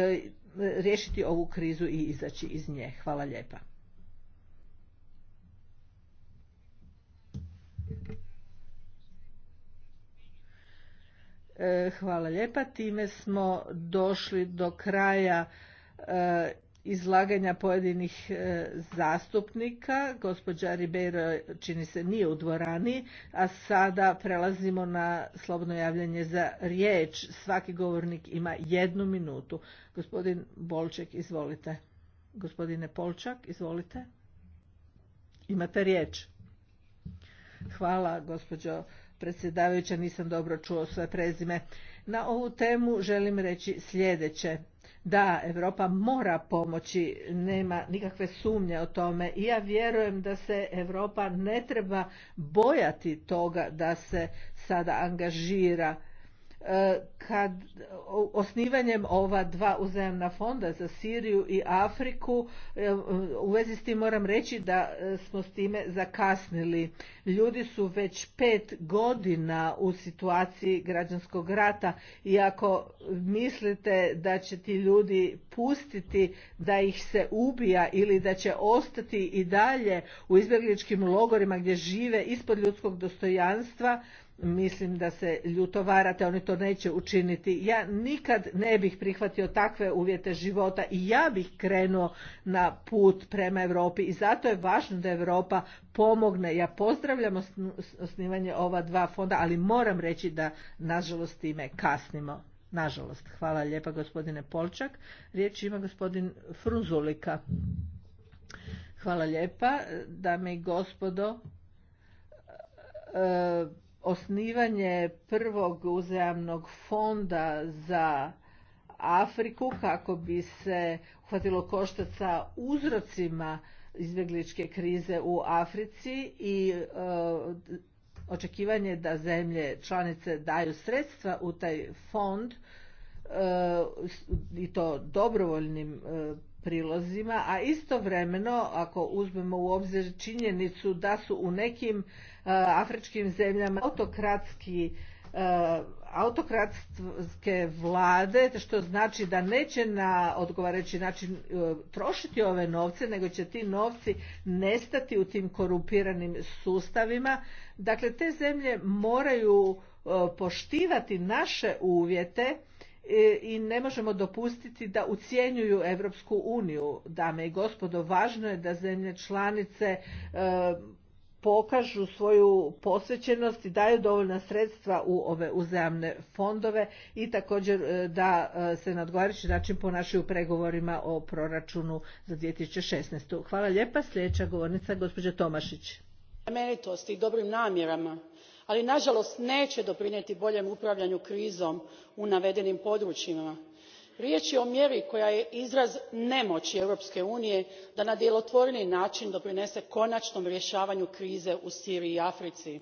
riješiti ovu krizu i izaći iz nje. Hvala lijepa. E, hvala lijepa. Time smo došli do kraja e, izlaganja pojedinih e, zastupnika. Gospođa Ribeiro čini se nije u dvorani, a sada prelazimo na slobodno javljanje za riječ. Svaki govornik ima jednu minutu. Gospodin Bolček, izvolite. Gospodine Polčak, izvolite. Imate riječ. Hvala, gospođo predsjedavajuća, nisam dobro čuo svoje prezime. Na ovu temu želim reći sljedeće. Da, Europa mora pomoći, nema nikakve sumnje o tome i ja vjerujem da se Europa ne treba bojati toga da se sada angažira kad osnivanjem ova dva uzajamna fonda za Siriju i Afriku e, u vezi s tim moram reći da e, smo s time zakasnili. Ljudi su već pet godina u situaciji građanskog rata i ako mislite da će ti ljudi pustiti da ih se ubija ili da će ostati i dalje u izbjegličkim logorima gdje žive ispod ljudskog dostojanstva mislim da se ljutovarate, oni to neće učiniti. Ja nikad ne bih prihvatio takve uvjete života i ja bih krenuo na put prema Europi i zato je važno da Europa pomogne. Ja pozdravljam osnivanje ova dva fonda, ali moram reći da nažalost time kasnimo. Nažalost. Hvala lijepa gospodine Polčak. Riječ ima gospodin Fruzulika. Hvala lijepa, dame i gospodo. E, osnivanje prvog uzajamnog fonda za Afriku kako bi se uhvatilo koštac sa uzrocima izbjegličke krize u Africi i e, očekivanje da zemlje članice daju sredstva u taj fond e, i to dobrovoljnim e, prilozima, a istovremeno ako uzmemo u obzir činjenicu da su u nekim e, afričkim zemljama autokratski e, autokratske vlade, što znači da neće na odgovarajući način e, trošiti ove novce, nego će ti novci nestati u tim korumpiranim sustavima. Dakle, te zemlje moraju poštivati naše uvjete E, i ne možemo dopustiti da ucjenjuju Europsku uniju. Dame i gospodo, važno je da zemlje članice e, pokažu svoju posvećenost i daju dovoljna sredstva u ove uzajamne fondove i također e, da se na odgovarajući način ponašaju u pregovorima o proračunu za 2016. Hvala lijepa. Sljedeća govornica gospođa Tomašić. Amenitosti i dobrim namjerama ali nažalost neće doprinijeti boljem upravljanju krizom u navedenim područjima. riječ je o mjeri koja je izraz nemoći europske unije da na djelotvorniji način doprinese konačnom rješavanju krize u siriji i africi.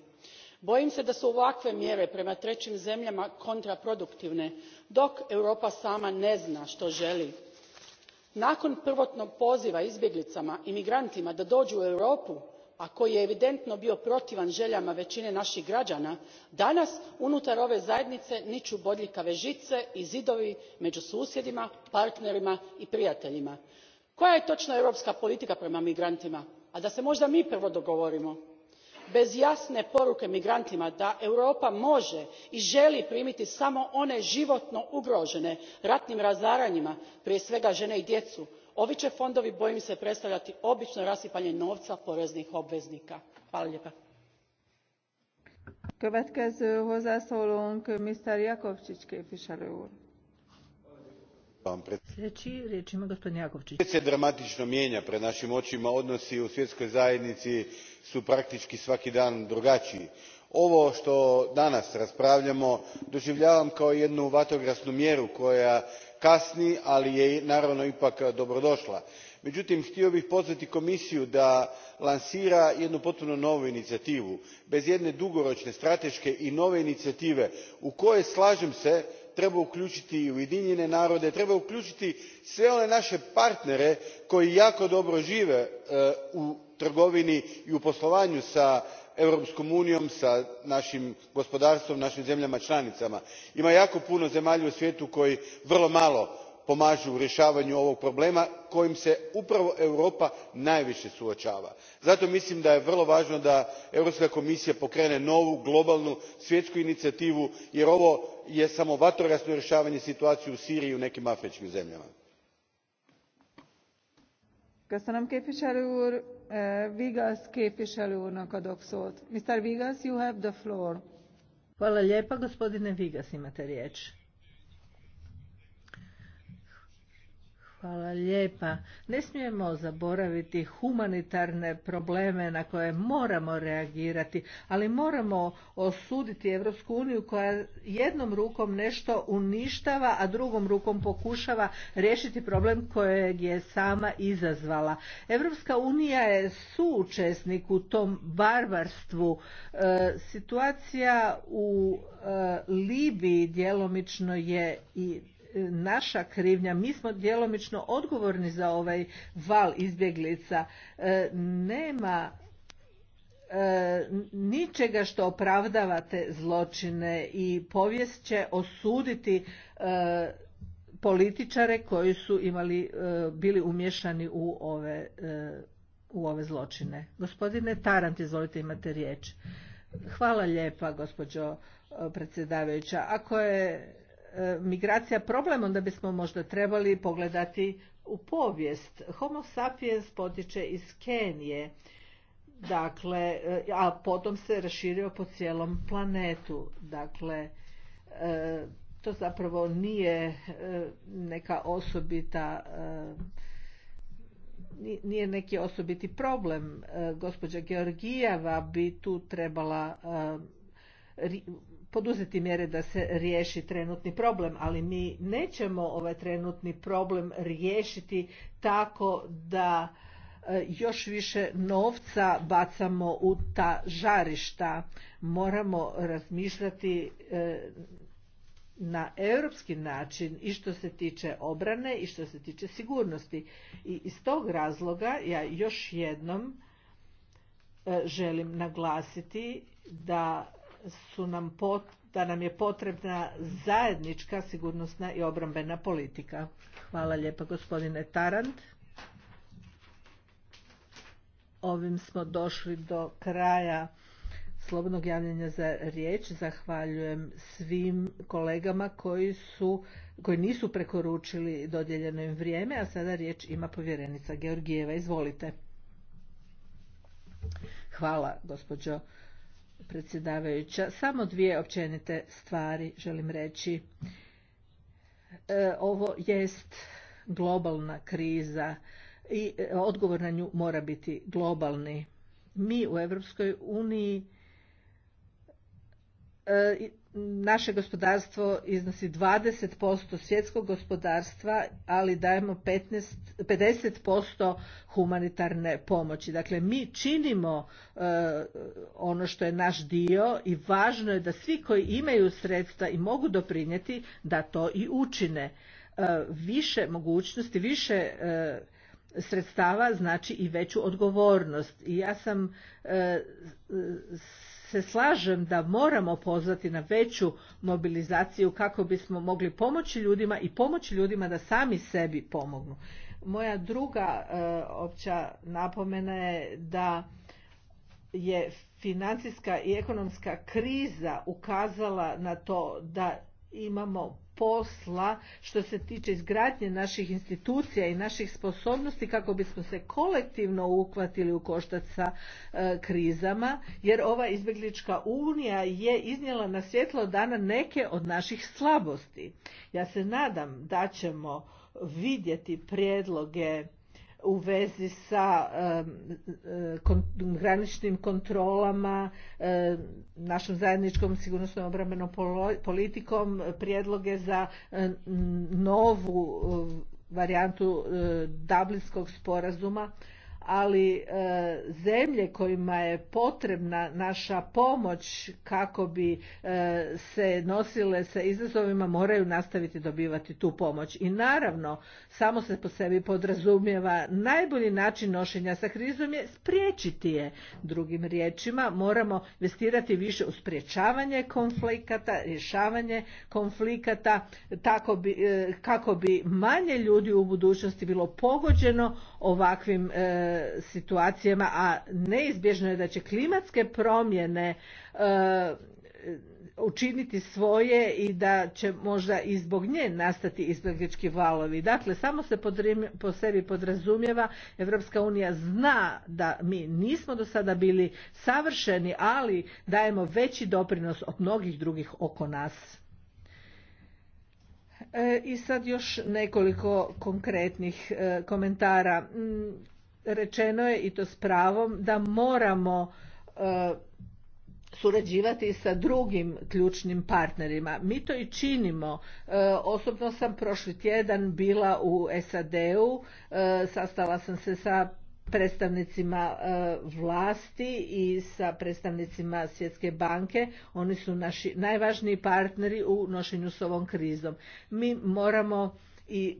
bojim se da su ovakve mjere prema trećim zemljama kontraproduktivne dok europa sama ne zna što želi. nakon prvotnog poziva izbjeglicama i migrantima da dođu u europu a koji je evidentno bio protivan željama većine naših građana danas unutar ove zajednice niču bodljikave žice i zidovi među susjedima partnerima i prijateljima. koja je točno europska politika prema migrantima a da se možda mi prvo dogovorimo? bez jasne poruke migrantima da europa može i želi primiti samo one životno ugrožene ratnim razaranjima prije svega žene i djecu ovi će fondovi bojim se predstavljati obično rasipanje novca poreznih obveznika. svijet se dramatično mijenja pred našim očima odnosi u svjetskoj zajednici su praktički svaki dan drugačiji. ovo što danas raspravljamo doživljavam kao jednu vatrogasnu mjeru koja kasni ali je naravno ipak e, dobrodošla. međutim htio bih pozvati komisiju da lansira jednu potpuno novu inicijativu bez jedne dugoročne strateške i nove inicijative u koje slažem se treba uključiti i ujedinjene narode treba uključiti sve one naše partnere koji jako dobro žive e, u trgovini i u poslovanju s europskom unijom s našim gospodarstvom našim zemljama članicama. ima jako puno zemalja u svijetu koje vrlo malo pomažu u rješavanju ovog problema kojim se upravo europa najviše suočava. zato mislim da je vrlo važno da europska komisija pokrene novu globalnu svjetsku inicijativu jer ovo je samo vatrogasno rješavanje situacije u siriji i u nekim afričkim zemljama. Köszönöm képviselő úr. Eh, Vigas képviselő úrnak adok szót. Mr. Vigas, you have the floor. Hvala lijepa, gospodine Vigas imate riječ. Hvala lijepa. Ne smijemo zaboraviti humanitarne probleme na koje moramo reagirati, ali moramo osuditi Europsku uniju koja jednom rukom nešto uništava, a drugom rukom pokušava riješiti problem kojeg je sama izazvala. Europska unija je suučesnik u tom barbarstvu. E, situacija u e, Libiji djelomično je i naša krivnja. Mi smo djelomično odgovorni za ovaj val izbjeglica. E, nema e, ničega što opravdavate zločine i povijest će osuditi e, političare koji su imali, bili umješani u ove, u ove zločine. Gospodine Tarant, izvolite imate riječ. Hvala lijepa, gospođo predsjedavajuća. Ako je E, migracija problem, onda bismo možda trebali pogledati u povijest. Homo sapiens potiče iz Kenije, dakle, e, a potom se raširio po cijelom planetu. Dakle, e, to zapravo nije neka osobita nije neki osobiti problem. Gospođa Georgijeva bi tu trebala poduzeti mjere da se riješi trenutni problem, ali mi nećemo ovaj trenutni problem riješiti tako da e, još više novca bacamo u ta žarišta. Moramo razmišljati e, na europski način i što se tiče obrane i što se tiče sigurnosti. I iz tog razloga ja još jednom e, želim naglasiti da su nam pot, da nam je potrebna zajednička sigurnosna i obrambena politika. Hvala lijepa gospodine Tarant. Ovim smo došli do kraja slobodnog javljanja za riječ. Zahvaljujem svim kolegama koji, su, koji nisu prekoručili dodijeljeno im vrijeme, a sada riječ ima povjerenica Georgijeva. Izvolite. Hvala, gospođo predsjedavajuća. Samo dvije općenite stvari želim reći. E, ovo jest globalna kriza i e, odgovor na nju mora biti globalni. Mi u Europskoj uniji e, naše gospodarstvo iznosi 20% svjetskog gospodarstva, ali dajemo 15, 50% humanitarne pomoći. Dakle, mi činimo e, ono što je naš dio i važno je da svi koji imaju sredstva i mogu doprinijeti da to i učine. E, više mogućnosti, više e, sredstava znači i veću odgovornost. I ja sam se slažem da moramo pozvati na veću mobilizaciju kako bismo mogli pomoći ljudima i pomoći ljudima da sami sebi pomognu. Moja druga e, opća napomena je da je financijska i ekonomska kriza ukazala na to da imamo posla što se tiče izgradnje naših institucija i naših sposobnosti kako bismo se kolektivno uhvatili u koštac sa e, krizama jer ova izbjeglička unija je iznijela na svjetlo dana neke od naših slabosti. Ja se nadam da ćemo vidjeti prijedloge u vezi sa eh, graničnim kontrolama, našom zajedničkom sigurnosnom obrambenom politikom, prijedloge za novu eh, varijantu eh, Dublinskog sporazuma ali e, zemlje kojima je potrebna naša pomoć kako bi e, se nosile sa izazovima moraju nastaviti dobivati tu pomoć i naravno samo se po sebi podrazumijeva najbolji način nošenja sa krizom je spriječiti je drugim riječima moramo investirati više u sprječavanje konflikata rješavanje konflikata tako bi, e, kako bi manje ljudi u budućnosti bilo pogođeno ovakvim situacijama, a neizbježno je da će klimatske promjene e, učiniti svoje i da će možda i zbog nje nastati izbjeglički valovi. Dakle, samo se po sebi podrazumijeva, Evropska unija zna da mi nismo do sada bili savršeni, ali dajemo veći doprinos od mnogih drugih oko nas. E, I sad još nekoliko konkretnih e, komentara. Mm, rečeno je i to s pravom da moramo e, surađivati sa drugim ključnim partnerima. Mi to i činimo. E, osobno sam prošli tjedan bila u SAD-u, e, sastala sam se sa predstavnicima vlasti i sa predstavnicima Svjetske banke. Oni su naši najvažniji partneri u nošenju s ovom krizom. Mi moramo i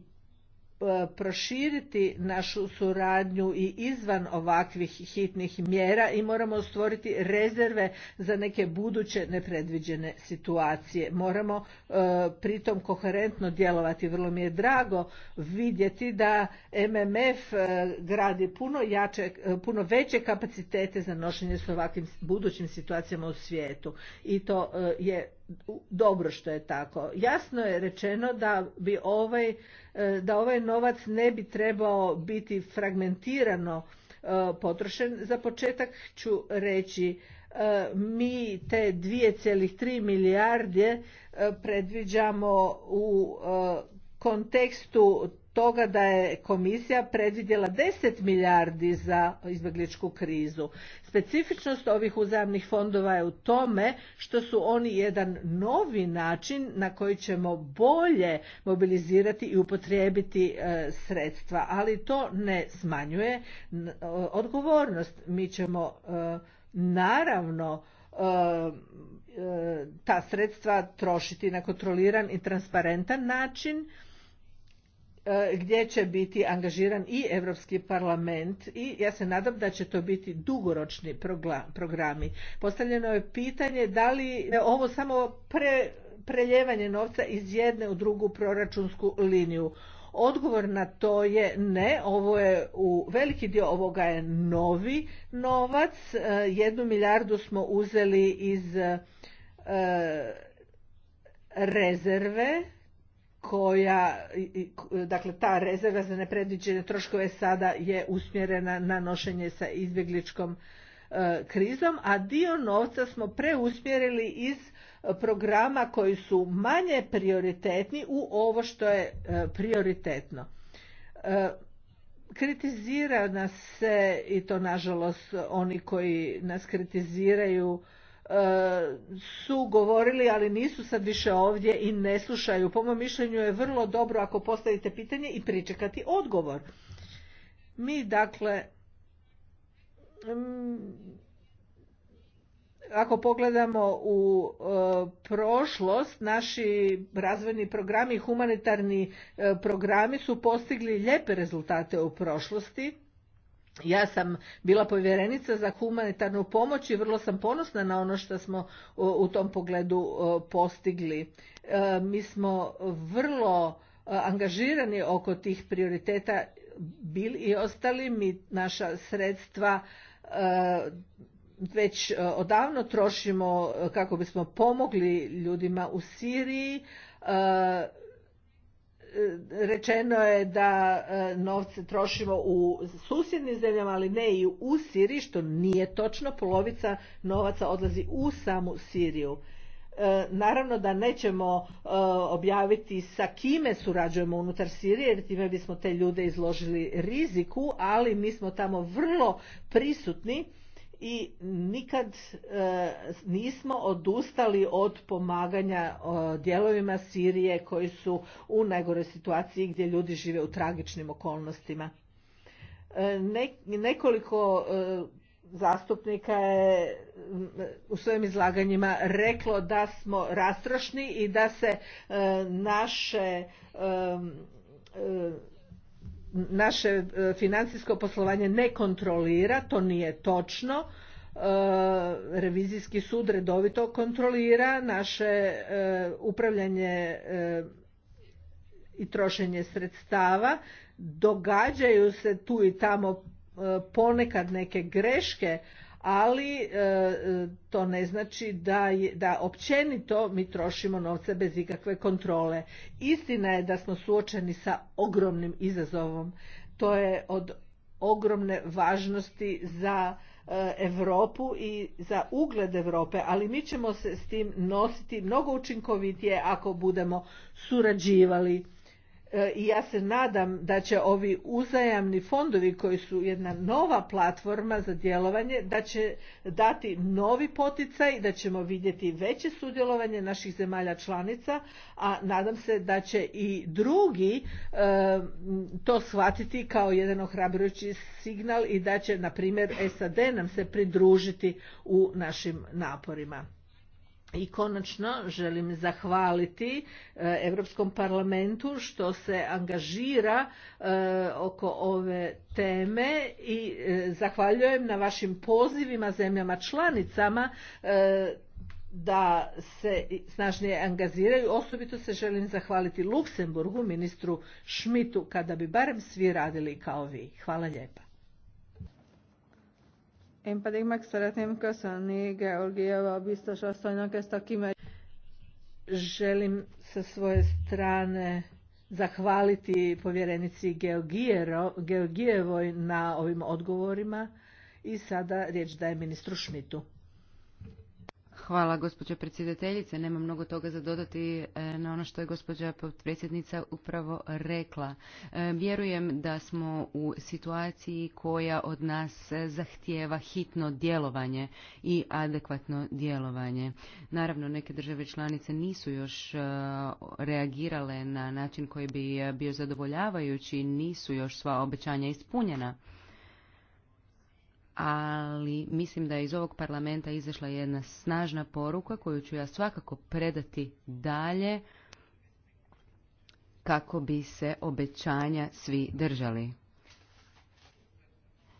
E, proširiti našu suradnju i izvan ovakvih hitnih mjera i moramo stvoriti rezerve za neke buduće nepredviđene situacije. Moramo e, pritom koherentno djelovati. Vrlo mi je drago vidjeti da MMF e, gradi puno, jače, puno veće kapacitete za nošenje s ovakvim budućim situacijama u svijetu. I to je dobro što je tako. Jasno je rečeno da bi ovaj, e, da ovaj novac ne bi trebao biti fragmentirano e, potrošen. Za početak ću reći e, mi te 2,3 milijarde predviđamo u kontekstu toga da je komisija predvidjela 10 milijardi za izbjegličku krizu. Specifičnost ovih uzajamnih fondova je u tome što su oni jedan novi način na koji ćemo bolje mobilizirati i upotrijebiti e, sredstva, ali to ne smanjuje odgovornost. Mi ćemo e, naravno e, ta sredstva trošiti na kontroliran i transparentan način E, gdje će biti angažiran i Europski parlament i ja se nadam da će to biti dugoročni programi. Postavljeno je pitanje da li je ovo samo pre, preljevanje novca iz jedne u drugu proračunsku liniju. Odgovor na to je ne, ovo je u veliki dio ovoga je novi novac. E, jednu milijardu smo uzeli iz e, rezerve koja, dakle ta rezerva za nepredviđene troškove sada je usmjerena na nošenje sa izbjegličkom e, krizom, a dio novca smo preusmjerili iz programa koji su manje prioritetni u ovo što je e, prioritetno. E, kritizira nas se, i to nažalost oni koji nas kritiziraju, E, su govorili, ali nisu sad više ovdje i ne slušaju. Po mom mišljenju je vrlo dobro ako postavite pitanje i pričekati odgovor. Mi dakle, ako pogledamo u e, prošlost, naši razvojni programi i humanitarni e, programi su postigli lijepe rezultate u prošlosti ja sam bila povjerenica za humanitarnu pomoć i vrlo sam ponosna na ono što smo u tom pogledu postigli. E, mi smo vrlo e, angažirani oko tih prioriteta bili i ostali. Mi naša sredstva e, već odavno trošimo kako bismo pomogli ljudima u Siriji rečeno je da e, novce trošimo u susjednim zemljama, ali ne i u Siriji, što nije točno. Polovica novaca odlazi u samu Siriju. E, naravno da nećemo e, objaviti sa kime surađujemo unutar Sirije, jer time bismo te ljude izložili riziku, ali mi smo tamo vrlo prisutni i nikad e, nismo odustali od pomaganja dijelovima Sirije koji su u najgore situaciji gdje ljudi žive u tragičnim okolnostima. E, nekoliko e, zastupnika je u svojim izlaganjima reklo da smo rastrošni i da se naše naše e, financijsko poslovanje ne kontrolira, to nije točno. E, revizijski sud redovito kontrolira naše e, upravljanje i trošenje sredstava. Događaju se tu i tamo ponekad neke greške, ali e, e, to ne znači da, da općenito mi trošimo novce bez ikakve kontrole. Istina je da smo suočeni sa ogromnim izazovom. To je od ogromne važnosti za Europu i za ugled Europe, ali mi ćemo se s tim nositi mnogo učinkovitije ako budemo surađivali E, i ja se nadam da će ovi uzajamni fondovi koji su jedna nova platforma za djelovanje da će dati novi poticaj da ćemo vidjeti veće sudjelovanje naših zemalja članica a nadam se da će i drugi e, to shvatiti kao jedan ohrabrujući signal i da će na primjer SAD nam se pridružiti u našim naporima i konačno želim zahvaliti Europskom parlamentu što se angažira e, oko ove teme i e, zahvaljujem na vašim pozivima zemljama članicama e, da se snažnije angaziraju. Osobito se želim zahvaliti Luksemburgu, ministru Šmitu, kada bi barem svi radili kao vi. Hvala lijepa. Én pedig meg szeretném köszönni Georgieva biztos asszonynak ezt a kimegy. Želim sa svoje strane zahvaliti povjerenici Georgijevoj na ovim odgovorima i sada riječ daje ministru Šmitu. Hvala gospođo predsjedateljice. Nema mnogo toga za dodati e, na ono što je gospođa predsjednica upravo rekla. E, vjerujem da smo u situaciji koja od nas zahtijeva hitno djelovanje i adekvatno djelovanje. Naravno, neke države članice nisu još e, reagirale na način koji bi bio zadovoljavajući, nisu još sva obećanja ispunjena ali mislim da je iz ovog parlamenta izašla jedna snažna poruka koju ću ja svakako predati dalje kako bi se obećanja svi držali.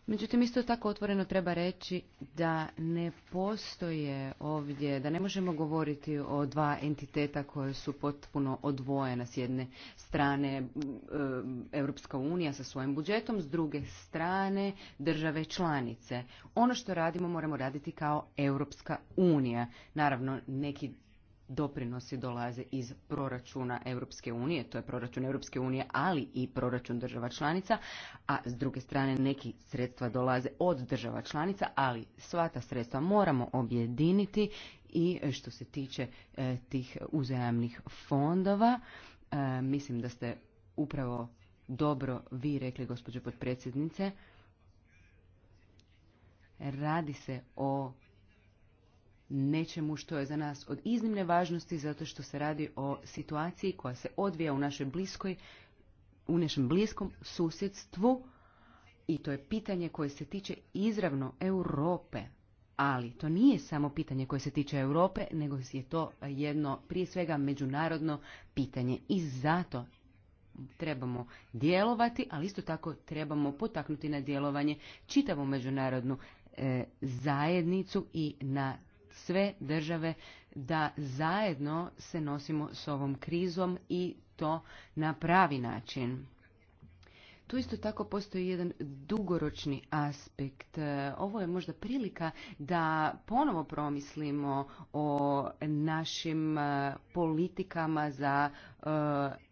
Međutim, isto tako otvoreno treba reći da ne postoje ovdje, da ne možemo govoriti o dva entiteta koje su potpuno odvojena s jedne strane e, Europska unija sa svojim budžetom, s druge strane države članice. Ono što radimo moramo raditi kao Europska unija. Naravno, neki doprinosi dolaze iz proračuna Europske unije, to je proračun Europske unije, ali i proračun država članica, a s druge strane neki sredstva dolaze od država članica, ali sva ta sredstva moramo objediniti i e, što se tiče e, tih uzajamnih fondova, e, mislim da ste upravo dobro vi rekli, gospođo potpredsjednice, radi se o nečemu što je za nas od iznimne važnosti zato što se radi o situaciji koja se odvija u našoj bliskoj, u našem bliskom susjedstvu i to je pitanje koje se tiče izravno Europe. Ali to nije samo pitanje koje se tiče Europe, nego je to jedno prije svega međunarodno pitanje i zato trebamo djelovati, ali isto tako trebamo potaknuti na djelovanje čitavu međunarodnu e, zajednicu i na sve države da zajedno se nosimo s ovom krizom i to na pravi način. Tu isto tako postoji jedan dugoročni aspekt. E, ovo je možda prilika da ponovo promislimo o našim e, politikama za e,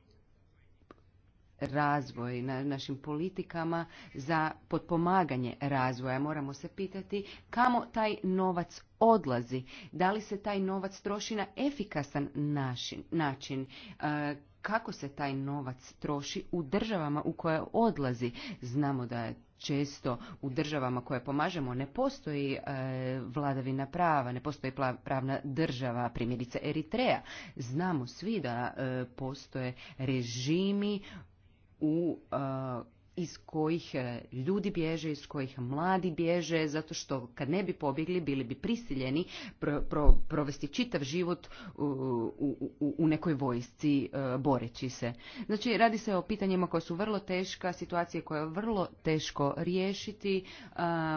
razvoj, na našim politikama za potpomaganje razvoja. Moramo se pitati kamo taj novac odlazi, da li se taj novac troši na efikasan način, e, kako se taj novac troši u državama u koje odlazi. Znamo da je često u državama koje pomažemo ne postoji e, vladavina prava, ne postoji pravna država, primjerice Eritreja. Znamo svi da e, postoje režimi u iz kojih e, ljudi bježe, iz kojih mladi bježe, zato što kad ne bi pobjegli bili bi prisiljeni provesti čitav život u, u, u nekoj vojsci e, boreći se. Znači radi se o pitanjima koja su vrlo teška, situacije koje je vrlo teško riješiti,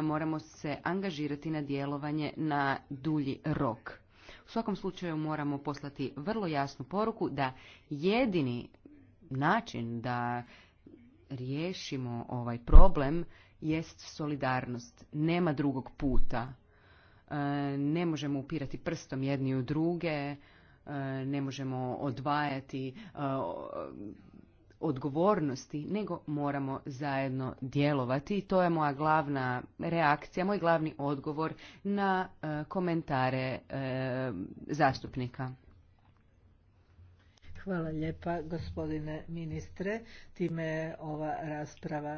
moramo se angažirati na djelovanje na dulji rok. U svakom slučaju moramo poslati vrlo jasnu poruku da jedini način da riješimo ovaj problem jest solidarnost. Nema drugog puta. E, ne možemo upirati prstom jedni u druge, e, ne možemo odvajati e, odgovornosti, nego moramo zajedno djelovati i to je moja glavna reakcija, moj glavni odgovor na komentare zastupnika. Hvala lijepa gospodine ministre. Time je ova rasprava